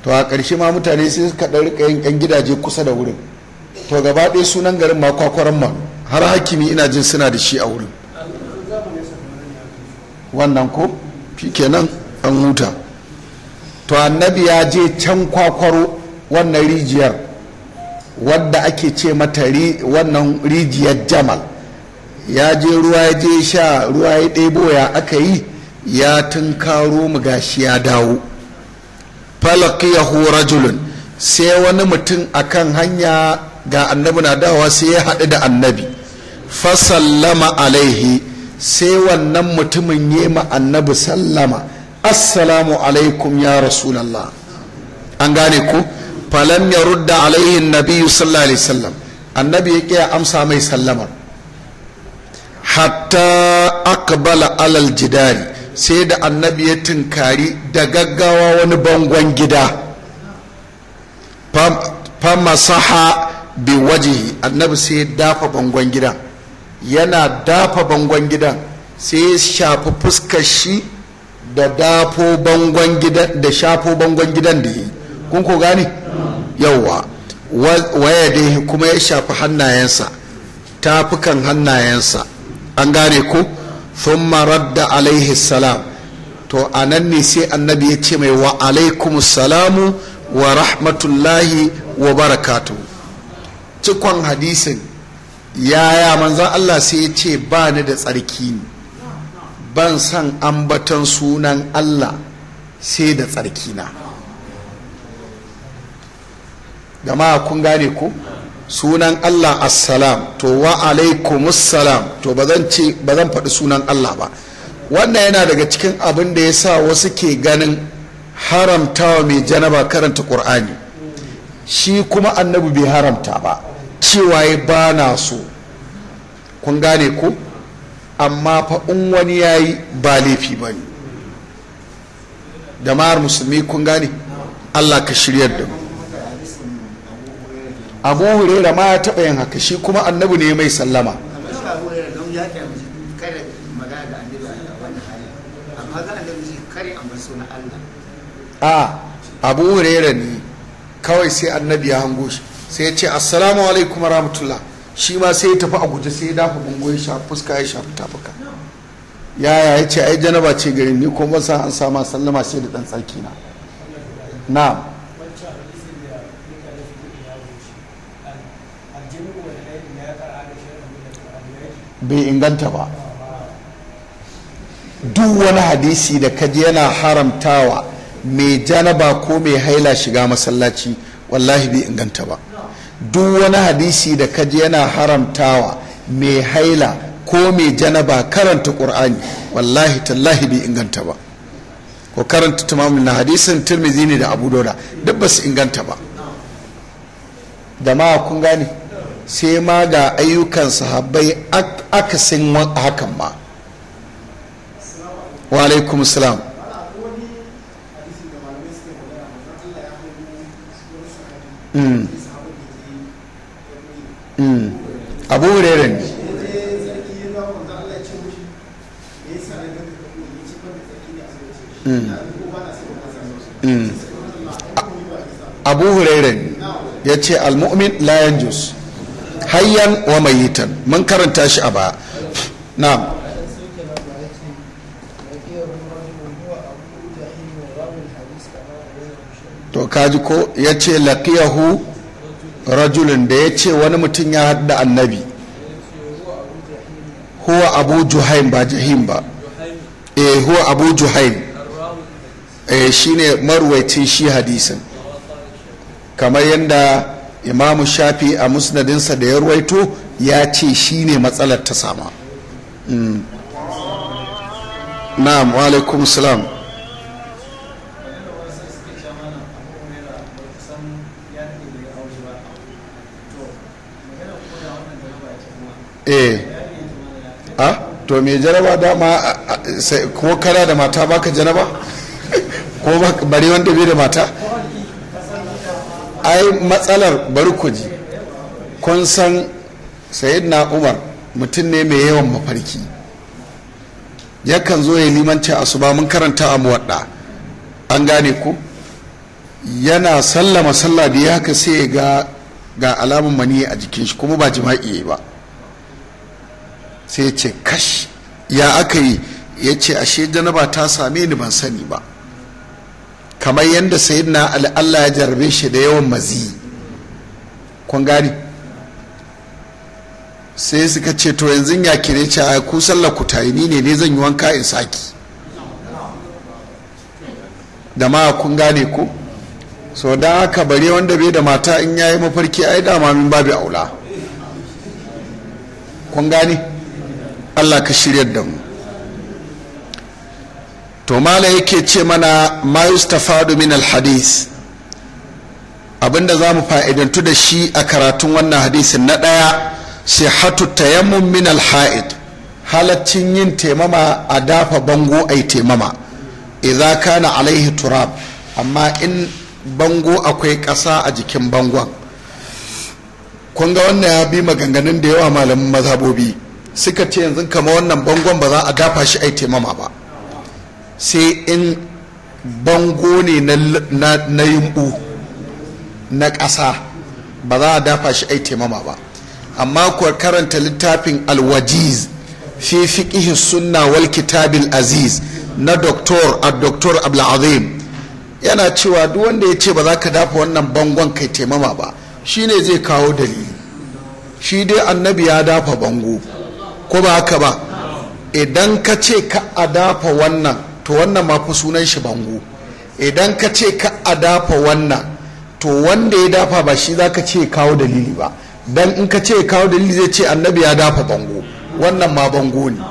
to a ƙarshe ma mutane sai suka ɗan rika yin ƴan gidaje kusa da wurin to gaba ɗaya sunan garin ma kwakwaran manu har hakimi ina jin suna da shi a wurin wannan ko kenan an huta to annabi ya je can kwakwaro wannan rijiyar wadda ake ce mata wannan rijiyar jamal ya je ruwa ya je sha ruwa ya ɗebo ya aka yi ya tunkaro mu gashi ya dawo falaqiyahu rajulun sai wani mutum a kan hanya ga annabi na dawa sai ya haɗu da annabi fasallama alaihi sai wannan mutumin ya ma annabi sallama assalamu alaikum ya rasulallah an gane ku falam ya rudda alaihi nabi sallallahu alaihi wasallam annabi ya kiya amsa mai sallama hatta akbala alal jidari sai da annabi ya tunkari da gaggawa wani bangon gida famasaha bi wajihi annabi sai ya dafa bangon gidan yana dafa bangon gida sai ya shafi fuskar shi da dafo bangon gidan da shafo bangon gidan da yi kun ko gani yawwa waya dai kuma ya shafi hannayensa tafukan hannayensa an gane ko marar radda alaihi salam to a nan ne sai annabi ya ce mai wa alaikum salamu wa rahmatullahi wa barakatu cikon hadisin yaya manzan Allah sai ya ce ba ni da tsarki ne ban san ambatan sunan Allah sai da tsarki na jama'a kun gane ku sunan Allah assalam to wa alaikumussalam to bazan ce ba faɗi sunan Allah ba wannan yana daga cikin abin da ya sa wasu ke ganin haramtawa mai janaba karanta ƙur'ani shi kuma annabi bai haramta ba cewa ya ba na so kun gane ku amma fa in wani ya yi ba laifi ba ne jama'ar musulmi kun gane allah ka shirya da mu abu hurera ma ya taɓa yin haka shi kuma annabi ne mai sallama a abu hurera ne kawai sai annabi ya hango shi sai ya ce assalamu alaikum rahmatullah shi ma sai ya tafi a guje sai ya dafa bango ya shafi fuska ya shafi tafuka yaya ya ce ai janaba ce garin ni kuma ban san an sama sallama sai da dan tsarki na na'am bai inganta ba duk wani hadisi da kaji yana haramtawa mai janaba ko mai haila shiga masallaci wallahi bai inganta ba duk wani hadisi da kaji yana haramtawa mai haila ko mai janaba karanta ƙur'ani wallahi tallahi bai inganta ba ko karanta tumamin na hadisin turmizi ne da abu duk ba su inganta ba da ma kun gane sai ma ga ayyukan sahabbai akasin hakan ma wa alaikum salam hmm. Hmm. abu hurairar ne hmm. abu hurairar ya ce almu'min layan jus hayyan wa mayitan mun karanta shi a ba na to kaji ko ya ce laqiyahu rajulun da ya ce wani mutum ya da annabi huwa abu juhaim ba jahim ba e huwa abu juhaim e shine marwaitin shi hadisin kamar yadda imamu shafi a musnadinsa da ya ruwaito ya ce shi ne matsalar ta sama hmm. na'am alaikum salam eh a ah, to me jaraba dama ko kana da mata baka jaraba [laughs] ko bari wanda bai da mata ai matsalar barkuji kun san na umar mutum ne mai yawan mafarki yakan zo ya limanci asuba mun karanta a muwadda an gane ku. yana sallama sallah da ya haka sai ga ga alamun mani a jikin shi kuma ba jima'i ba sai ya ce kash ya aka yi ya ce ashe janaba ta same ni ban sani ba kamar yadda sayyidina na Allah ya jarabe shi da yawan mazi kun gani sai suka ce to yanzu ya kire ci a ku sallar ku ni ne ne zan yi wanka in saki da ma kun gane ko so da haka bare wanda bai da mata in yayi mafarki ai dama min babu aula kun gane Allah ka shiryar da mu to mala yake ce mana ma yustafadu min alhadis abinda za mu fa'idantu da shi a karatun wannan hadisin na ɗaya sihatu tayammum min alha'id halaccin yin taimama a dafa bango ai taimama idza kana alaihi turab amma in bango akwai ƙasa a jikin bangon kun ga wannan ya bi maganganun da yawa malamin mazhabobi suka ce yanzu kama wannan bangon ba za a dafa shi ai taimama ba sai in bango ne na yimbu na ƙasa ba za a dafa shi ai taimama ba amma kuwa karanta littafin alwajiz fi fiqihi sunna wal kitabil aziz na doktor a doktor azim yana cewa duk wanda ya ce ba za ka dafa wannan bangon kai taimama ba shine zai kawo dalili shi dai annabi ya dafa bango ko ba haka ba idan ka ce ka a dafa wannan to wannan ma fi sunan shi bango idan ka ce ka a dafa wannan to wanda ya dafa ba shi za ka ce kawo dalili ba dan in ka ce kawo dalili zai ce annabi ya dafa bango wannan ma bango ne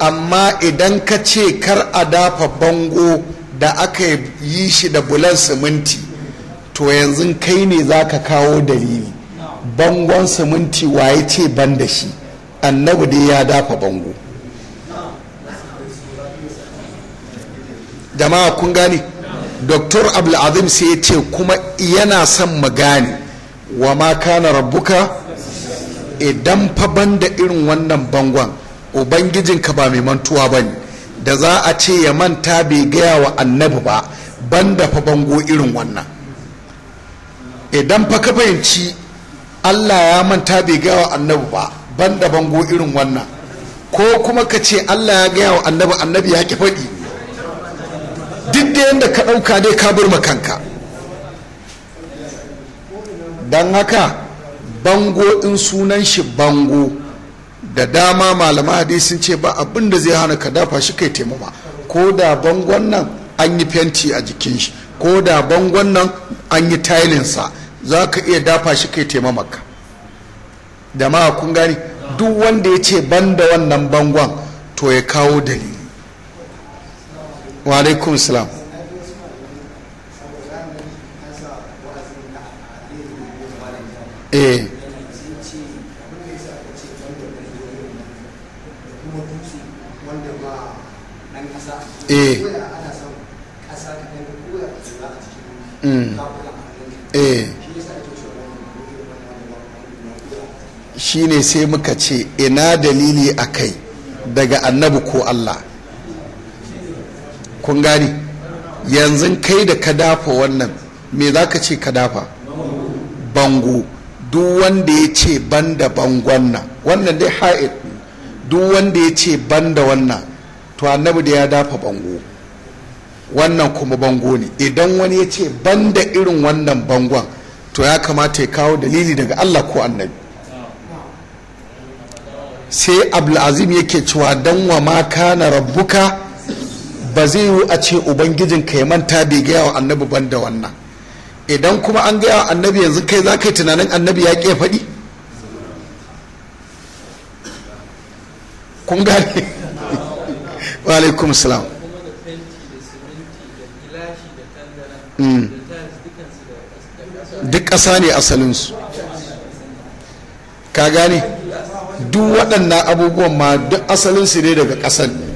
amma idan ka ce kar a dafa bango da aka yi shi da bulan siminti to yanzu kai ne za ka kawo dalili bangon siminti waye ce ban da shi annabi dai ya dafa bango jama'a kun gane doktor abdulazim sai ya ce kuma yana son mu gane wa ma kana rabbuka idan fa da irin wannan bangon ubangijinka ba mai mantuwa ba ne da za a ce ya manta bai gaya wa annabi ba banda fa bango irin wannan idan fa ka fahimci allah ya manta bai gaya wa annabi ba banda bango irin wannan ko kuma ka ce allah ya gaya wa annabi annabi ya ki faɗi duk da yadda ka ɗauka dai ka bar kanka don haka bango in sunan shi bango da dama malama dai sun ce ba abinda zai hana ka dafa shi kai taimama ko da bangon nan an yi fenti a jikin shi ko da bangon nan an yi tayilinsa, za ka iya dafa shi kai taimamaka da ma kun gani duk wanda ya ce ban da wannan bangon to ya kawo dalili wa'alaikum salam shi ne sai muka ce ina dalili a kai daga annabi ko Allah kun gane yanzu kai da ka dafa wannan me za ka ce ka dafa bango duk wanda ya ce banda bangon nan wannan dai ha'id duk wanda ya ce banda wannan to annabi da ya dafa bango wannan kuma bango ne idan wani ya ce banda irin wannan bangon to ya kamata ya kawo dalili daga allah ko annabi sai abdulazim yake cewa dan wa ma kana rabbuka ba zai yi a ce ubangijin ka manta bai gaya wa annabi ban da wannan idan kuma an gaya wa annabi yanzu kai za ka yi tunanin annabi ya ƙe faɗi kun gane [laughs] wa alaikum salam hmm. duk ƙasa ne asalinsu ka gane duk waɗannan abubuwan ma duk asalinsu ne daga ƙasar ne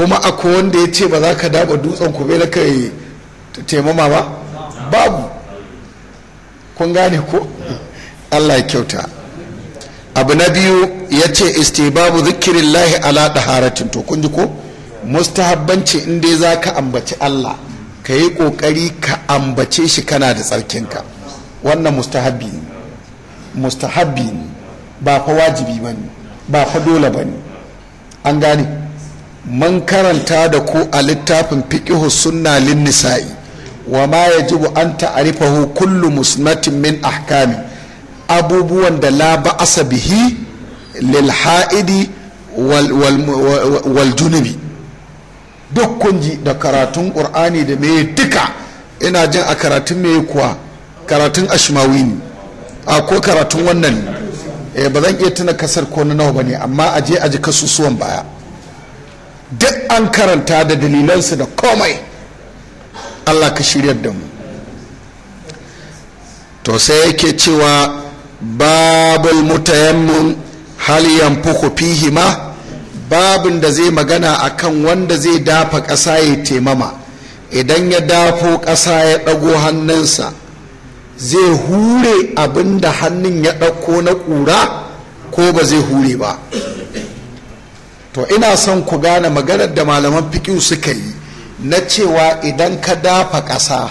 kuma akwai wanda ya ce ba za ka daba dutsen ku na kai taimama ba babu kun gane ko allah ya kyauta abu na biyu ya ce babu zikirin lahi ala haratin to kun ji ko mustahabbanci in dai za ka ambaci allah ka yi kokari ka ambace shi kana da tsarkinka wannan mustahabbi ne mustahabbi ne ba fa wajibi ba ne ba fa dole ba ne an gane man karanta da ku a littafin fiqihu sunna linnisa'i wa ma yajibu an ta'rifahu kullu musnatin min ahkami abubuwan da la ba'asa bihi lil ha'idi wal, junubi duk kunji da karatun qur'ani da me duka ina jin a karatun me kuwa karatun ashmawi ne a ko karatun wannan ne eh, ba zan iya tuna kasar ko na nawa bane amma aje ji kasusuwan baya duk an karanta da dalilansu da komai allah ka shirya da mu to sai yake cewa babul mutayammin haliyan fuku fihi ma babin da zai magana a kan wanda zai dafa ƙasa ya taimama idan ya dafo ƙasa ya ɗago hannunsa zai hure abinda hannun ya ɗauko na ƙura ko ba zai hure ba to ina son ku gane maganar da malaman fiƙi suka yi na cewa idan ka dafa ƙasa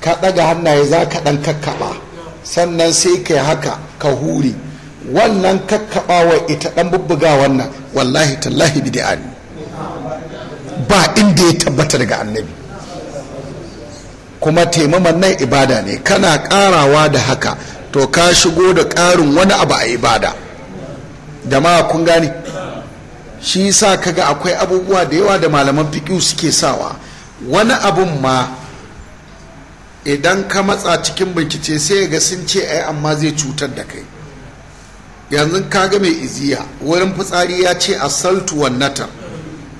ka ɗaga hannaye za ka ɗan kakkaɓa sannan sai ka haka ka huri wannan kakkaɓawa ita ɗan bubbuga wannan wallahi tallahi bid'a ba inda ya tabbata daga annabi kuma taimaman nan ibada ne kana ƙarawa da haka to ka shigo da ƙarin wani abu a ibada jama'a kun gane shi sa kaga akwai abubuwa da yawa da malaman fiƙi suke sawa wani abun ma idan ka matsa cikin bincike sai ga sun ce ai amma zai cutar da kai yanzu kaga mai iziya wurin fitsari ya ce asaltu wannatar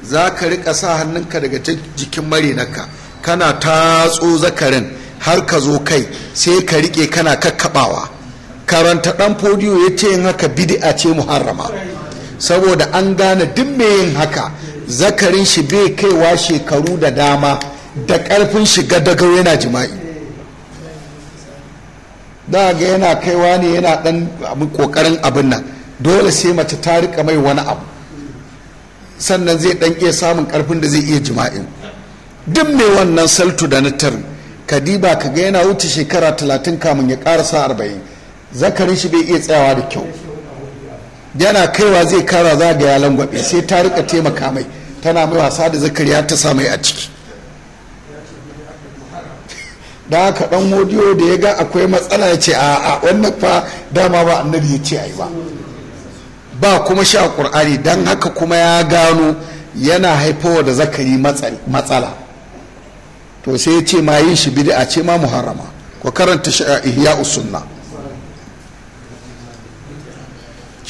za ka rika sa hannunka daga jikin marinaka kana tatso zakarin har ka zo kai sai ka rike kana kakkabawa karanta dan fodiyo ya ce yin haka bid'a ce muharrama saboda an gane duk mai yin haka zakarin shi bai kaiwa shekaru da dama da ƙarfin shiga daga yana jima'i da yana kaiwa ne yana ɗan ƙoƙarin abin nan dole sai mace ta rika mai wani abu sannan zai ɗan iya samun karfin da zai iya jima'i. duk mai wannan saltu da nitar kadiba ka ga yana wuce shekara talatin kamun ya sa arba'in zakarin shi bai iya tsayawa da kyau yana kaiwa zai kara za ga yalan gwabe sai ta rika taimaka mai tana mai wasa da zakariya ta sa mai a ciki da haka dan modiyo da ya ga akwai matsala ya ce a wannan fa dama ba annabi ya ce ai ba ba kuma sha qur'ani dan haka kuma ya gano yana haifowa da zakari matsala to sai ya ce ma yin shi bid'a ce ma muharrama ko karanta shi ihya sunna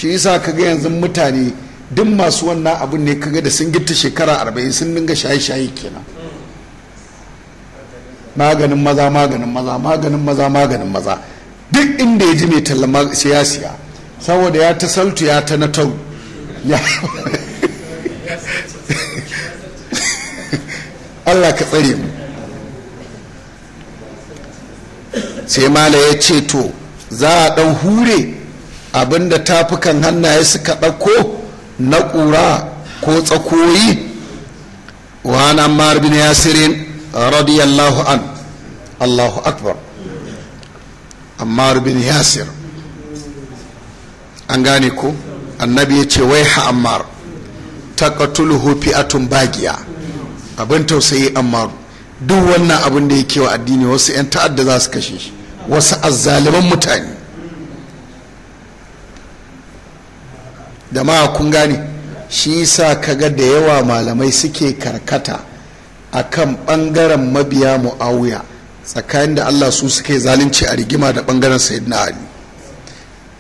shi kaga yanzu mutane duk masu wannan abin ne kaga da sun gita shekara arba'in sun dinga shaye-shaye kenan maganin maza maganin maza maganin maza maganin maza duk inda ya ji mai tallama siyasiya saboda ya ta saltu ya ta natau ya [laughs] Allah ka tsare mu sai mala ya ce to za a ɗan hure abinda tafukan hannaye suka ɗauko na ƙura ko tsakoyi wani ammar bin yasirin radiyallahu an allahu akbar ammar bin yasir an gane ko annabi ya ce wai ha'ammar ta ƙatulhu fi'atun bagiya abin tausayi ammar duk wannan abin da yake wa addini wasu 'yan ta'adda za su kashe shi wasu azzaliman mutane da ma kun gane shi sa kaga da yawa malamai suke karkata a kan ɓangaren mabiya mu'awiya tsakanin da allah su suke zalunci a rigima da ɓangaren sayidina ali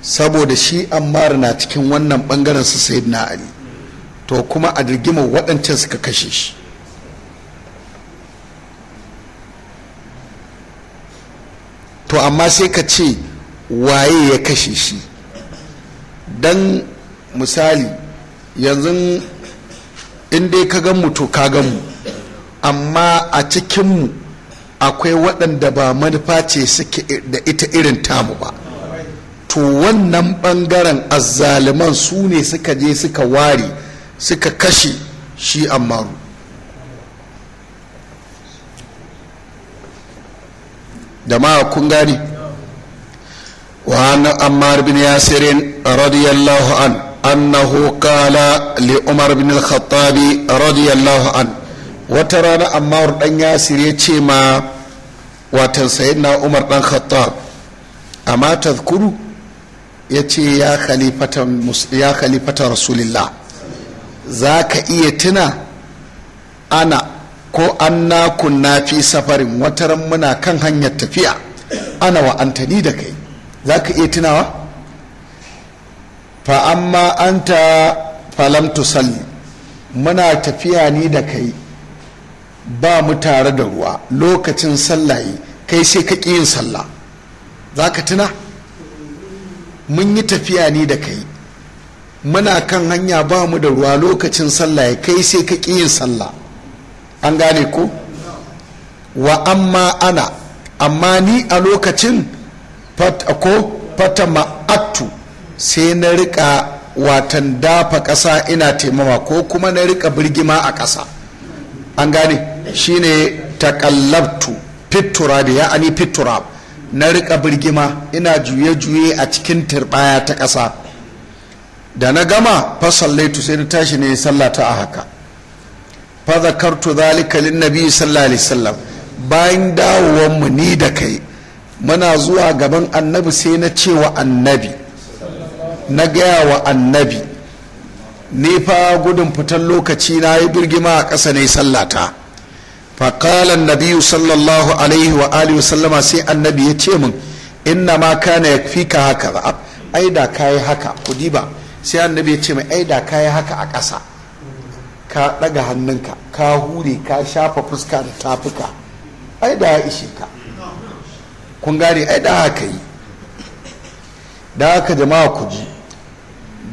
saboda shi ammar na cikin wannan ɓangaren su sayidina ali to kuma a rigima waɗancan suka kashe shi to amma sai ka ce waye ya kashe shi don misali yanzu in dai ka gan to ka gan mu amma a cikinmu akwai waɗanda ba manufa ce suke da ita irin tamu ba to wannan ɓangaren azzaliman su ne suka je suka ware suka kashe shi ammaru da ma kun gani wa ammar bin yasirin radiyallahu an annahu kala li umar bin al-khattab radiyallahu an wata rana ammar dan yasir ya ce ma watan na umar dan khattab amma tazkuru ya ce ya khalifatan rasulillah za ka iya tuna ana ko an na kunna fi safarin wataran muna kan hanyar tafiya ana wa ni da kai za ka iya tunawa fa amma anta falam tusalli muna tafiya ni da kai ba mu tare da ruwa lokacin sallaye kai sai ka yin sallah za ka tuna mun yi tafiya ni da kai muna kan hanya ba mu da ruwa lokacin sallaye kai sai ka yin sallah an gane ko wa amma ana amma ni a lokacin ko fata ma'attu sai na rika watan dafa ƙasa ina taimama ko kuma na rika birgima a ƙasa an gane shine takallabtu fitura da ya ani fittura na rika birgima ina juye-juye a cikin turbaya ta ƙasa da na gama fasallaitu sai na tashi ne sallata a haka fa zakartu zalika linnabi sallallahu alaihi wasallam bayan dawowanmu ni da kai muna zuwa gaban annabi sai na cewa annabi na gaya wa annabi ni fa gudun fitan lokaci na yi birgima a ƙasa ne sallata faƙalan nabiyu sallallahu alaihi wa alihi sallama sai annabi ya ce min inna ma kana ya fi ka haka ai da ka yi haka ku diba sai annabi ya ce min ai da ka yi haka a ƙasa ka ɗaga hannunka ka hure ka shafa fuska da tafuka ai da ya ishe ka kun gane ai da haka yi da haka jama'a ku ji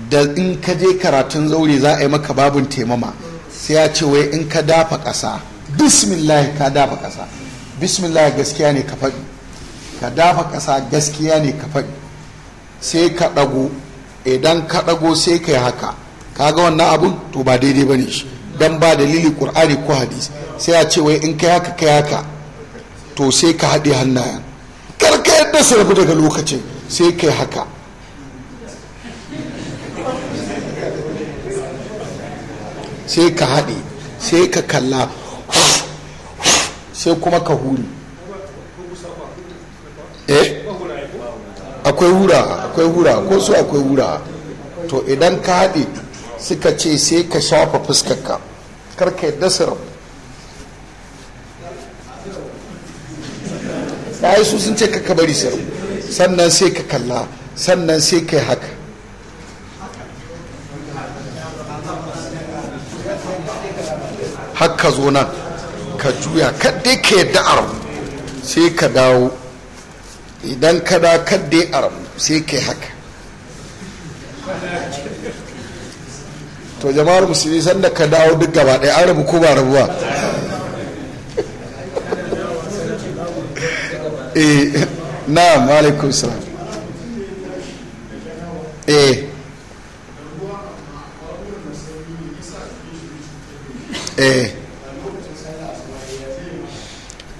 da in ka je karatun zaure za a yi maka babun taimama sai ya ce wai in ka dafa ƙasa bismillah ka dafa ƙasa bismillah gaskiya ne ka faɗi ka dafa ƙasa gaskiya ne ka faɗi sai ka ɗago idan ka ɗago sai ka yi haka ka ga wannan abun to ba daidai ba ne shi don ba dalili ƙur'ani ko hadisi sai ya ce wai in kai haka kai haka to sai ka haɗe hannayen karka yadda sarfi daga lokacin sai yi haka sai ka haɗe sai ka kalla sai kuma ka huri eh akwai hura akwai hura ko su akwai hura to idan ka haɗe suka ce sai ka shafa fuskarka karka yadda su rabu ya su sun ce ka bari su sannan sai ka kalla sannan sai ka yi haka ka zo nan ka juya kaddai ka yadda a rabu sai ka dawo idan ka da kaddai a rabu sai ka yi haka to jama'ar musulmi da ka dawo duk gaba ɗaya an rabu ko ba rabuwa [laughs] eh na malikun sa eh eh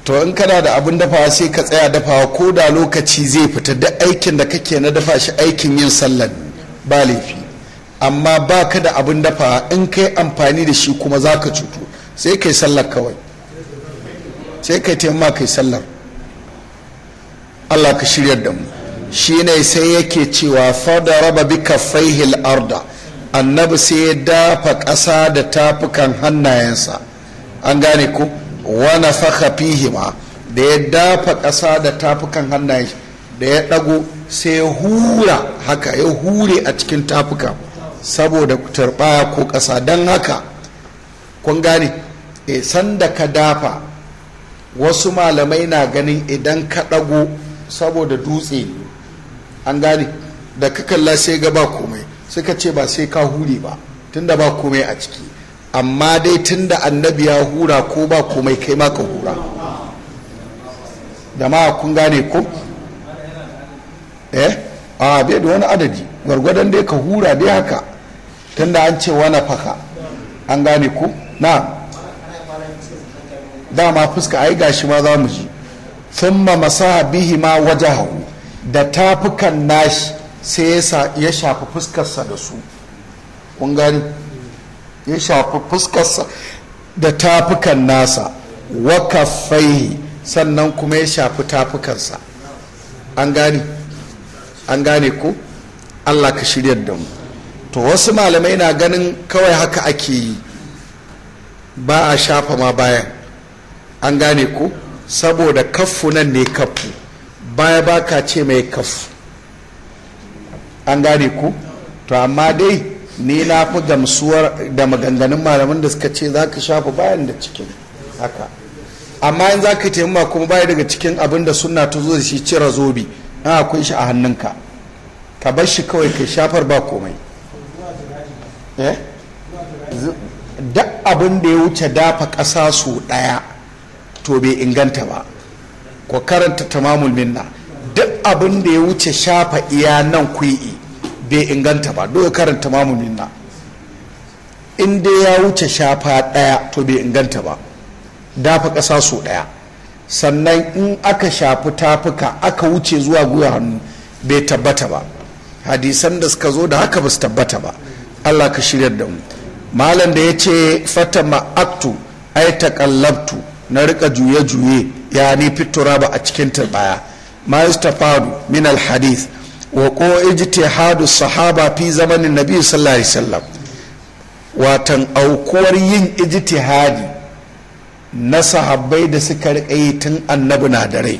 to in kana da abin dafawa sai ka tsaya dafawa ko da lokaci zai fita duk aikin da kake na dafa shi aikin yin sallar ba laifi amma ba ka da abin dafawa in kai amfani da shi kuma za ka cutu sai kai sallar kawai sai kai taimma kai sallar allah ka shiryar da mu shi ne sai yake cewa fada raba bi kafaihil arda annabi sai ya dafa ƙasa da tafukan hannayensa an gane ko wani fihima da ya dafa ƙasa da tafukan hannayen da ya ɗago sai ya hura haka ya hure a cikin tafuka saboda turɓaya ko ƙasa don haka kun gane e sanda ka dafa wasu malamai na ganin idan ka ɗago saboda dutse an gane da ka kalla sai ga ba komai suka ce ba sai ka hure ba tunda ba komai a ciki amma dai tun da annabi ya hura ko ba komai kai ma ka hura jama'a kun gane ko eh a bai da wani adadi gwargwadon dai ka hura dai haka tun da an ce wani faka an gane ko na dama fuska ai gashi ma za mu ji thumma masaha bihi ma wajahu da tafukan nashi sai ya shafi fuskarsa da su kun gani ya shafi fuskarsa da tafukan nasa wakafai sannan kuma ya shafi tafukansa an gane an gane ko allah ka shirya da mu to wasu malamai na ganin kawai haka ake yi ba a shafa ma bayan an gane ko saboda kaffu nan ne kaffu baya baka ce mai kaffu an gane ko to amma dai ni na fi gamsuwar da maganganun malaman da suka ce za ka shafa bayan da cikin haka amma in za ka taimaka kuma bayan daga cikin abin da suna ta zo da shi cire zobi in akwai shi a hannunka ka bar shi kawai ka shafar ba komai eh? duk abin da ya wuce dafa ƙasa su ɗaya to bai inganta ba ko karanta tamamul minna duk abin da ya wuce shafa iya nan kui'i bai inganta ba dole karanta mamumin na in dai ya wuce shafa daya to bai inganta ba dafa kasa so ɗaya sannan in aka shafi tafuka aka wuce zuwa gwiwa hannu bai tabbata ba hadisan da suka zo da haka ba su tabbata ba allah ka shirya da mu malam da ya ce fata ma'aktu ai takallabtu na rika juye-juye ya ni fitura ba a cikin turbaya ma min al hadith wa ko ijtihadu sahaba fi zamanin nabi sallallahu alaihi wasallam watan aukuwar yin ijtihadi na sahabbai da suka rika yi tun annabi na da rai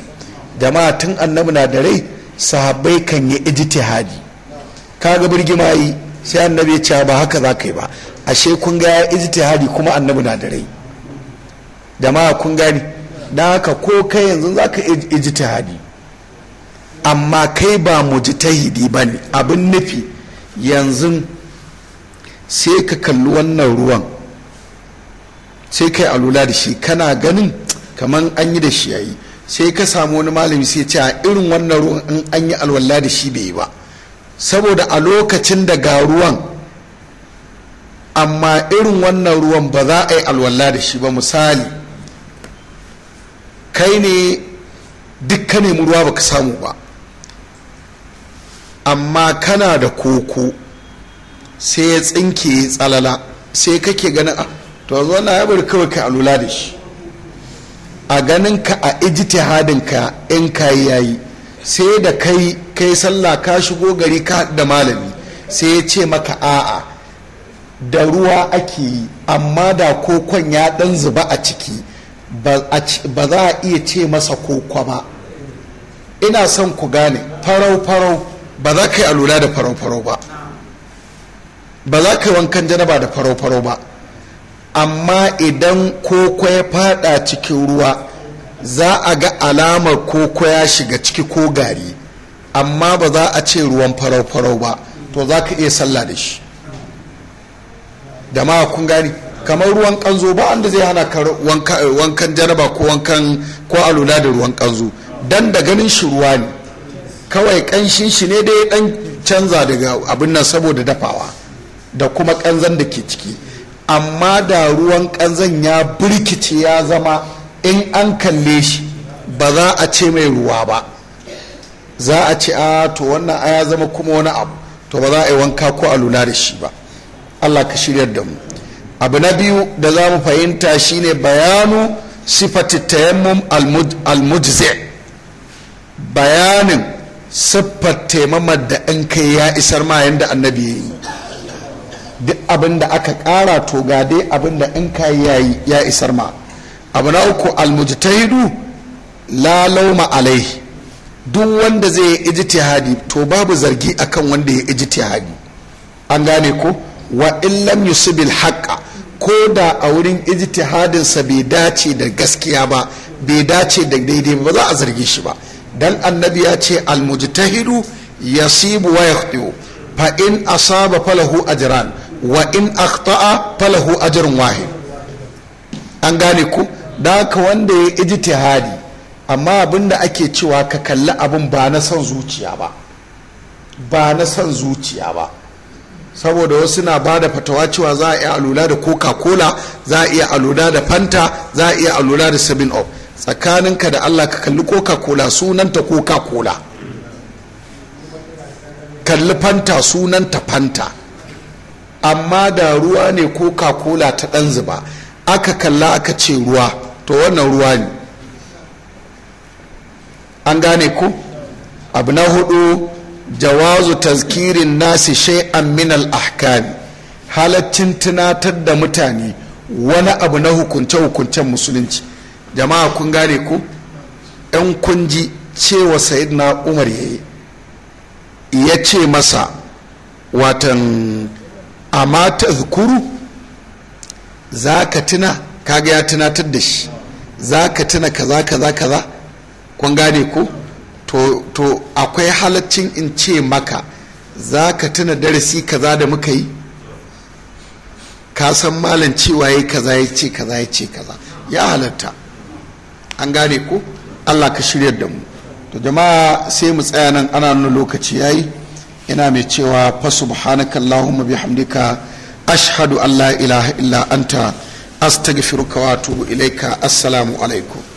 jama'a tun annabi na da rai sahabbai kan yi ijtihadi kaga birgima yi sai annabi ya ce ba haka za ka yi ba ashe kun ga ya ijtihadi kuma annabi na da rai jama'a kun gani dan haka ko kai yanzu za ka ijtihadi amma kai ba mu ji tahidi ba ne abin nufi yanzu sai ka kalli wannan ruwan sai kai lula da shi kana ganin kamar an yi da shi yayi sai ka samu wani malami sai ce a irin wannan ruwan in an yi alwala da shi bai yi ba saboda a lokacin da ga ruwan amma irin wannan ruwan ba za a yi alwala da shi ba misali kai ne dukkanin nemi ruwa baka samu ba amma kana da koko sai ya tsinke tsalala sai kake ganin a ah, to yanzu ya bari kawai ka alula da shi a ganin ka a ijtihadin ka in ka yayi sai da kai kai sallah ka shigo gari ka da malami sai ya ce maka a'a da ruwa ake yi amma da kokon ya dan zuba a ciki ba za a iya ce masa kokwa ba ina son ku gane farau farau ba za ka yi alula da farau-farau ba ba za ka yi wankan janaba da farau-farau ba amma idan koko ya fada cikin ruwa za a ga alamar koko ya shiga ciki ko gari amma ba za a ce ruwan farau-farau ba to za ka iya sallah da shi da ma kun gani kamar ruwan kanzo ba wanda zai hana wankan janaba ko wankan ko alula da ruwan kanzo dan da ganin shi ruwa ne kawai kanshin shi ne dai dan canza daga abin nan saboda dafawa da kuma kanzan da ke ciki amma da ruwan kanzan ya birkice ya zama in an kalle shi ba za a ce mai ruwa ba za a ce a ah, to wannan a ya zama kuma wani abu to ba za a yi wanka ko a lula da shi ba allah ka shiryar da mu abu na biyu da za mu fahimta shine bayanu sifatittayen tayammum al bayanin siffar taimamar da in kai ya isar ma yadda annabi ya yi duk abin da aka ƙara to ga dai abin da in kai ya yi ya isar ma abu na uku almujtahidu la lauma alai duk wanda zai yi ijtihadi to babu zargi akan wanda ya ijtihadi an gane ko wa illam yusibil haqqa ko da a wurin ijtihadinsa bai dace da gaskiya ba bai dace da daidai ba za a zarge shi ba dan annabi ya ce almujtahidu yasibu wa yakhtiu fa in asaba falahu ajran wa in akhta'a falahu ajrun wahid an gane ku da ka wanda ya ijtihadi amma abinda ake cewa ka kalli abin ba na son zuciya ba ba na son zuciya ba saboda wasu na ba da fatawa cewa za a iya alula da coca-cola za a iya alula da fanta za a iya alula da 7 up tsakaninka da allah ka kalli coca cola sunanta coca cola kalli fanta sunanta fanta amma da ruwa ne coca cola ta ɗan zuba aka kalla aka ce ruwa to wannan ruwa ne an gane ku abu na hudu jawazu tazkirin nasi shay'an min al-ahkam halaccin tunatar da mutane wani abu na hukunce-hukuncen musulunci jama'a kun gane ko yan kunji cewa na umar ya yi ya ce masa watan amma ta zukuru za ka tuna kaga ya tunatar da shi za ka tuna kaza kaza kaza kun gane ko to, akwai halaccin in ce maka za ka tuna darasi kaza da muka yi ka san malam cewa ya kaza ya ce kaza ya ce kaza ya halatta an gane ko allah ka shirya da mu to jama'a sai mu tsaya nan ana nuna lokaci ya yi ina mai cewa fa subhanaka allahumma bihamdika ashhadu an la ilaha illa anta astaghfiruka wa atubu ilaika assalamu alaikum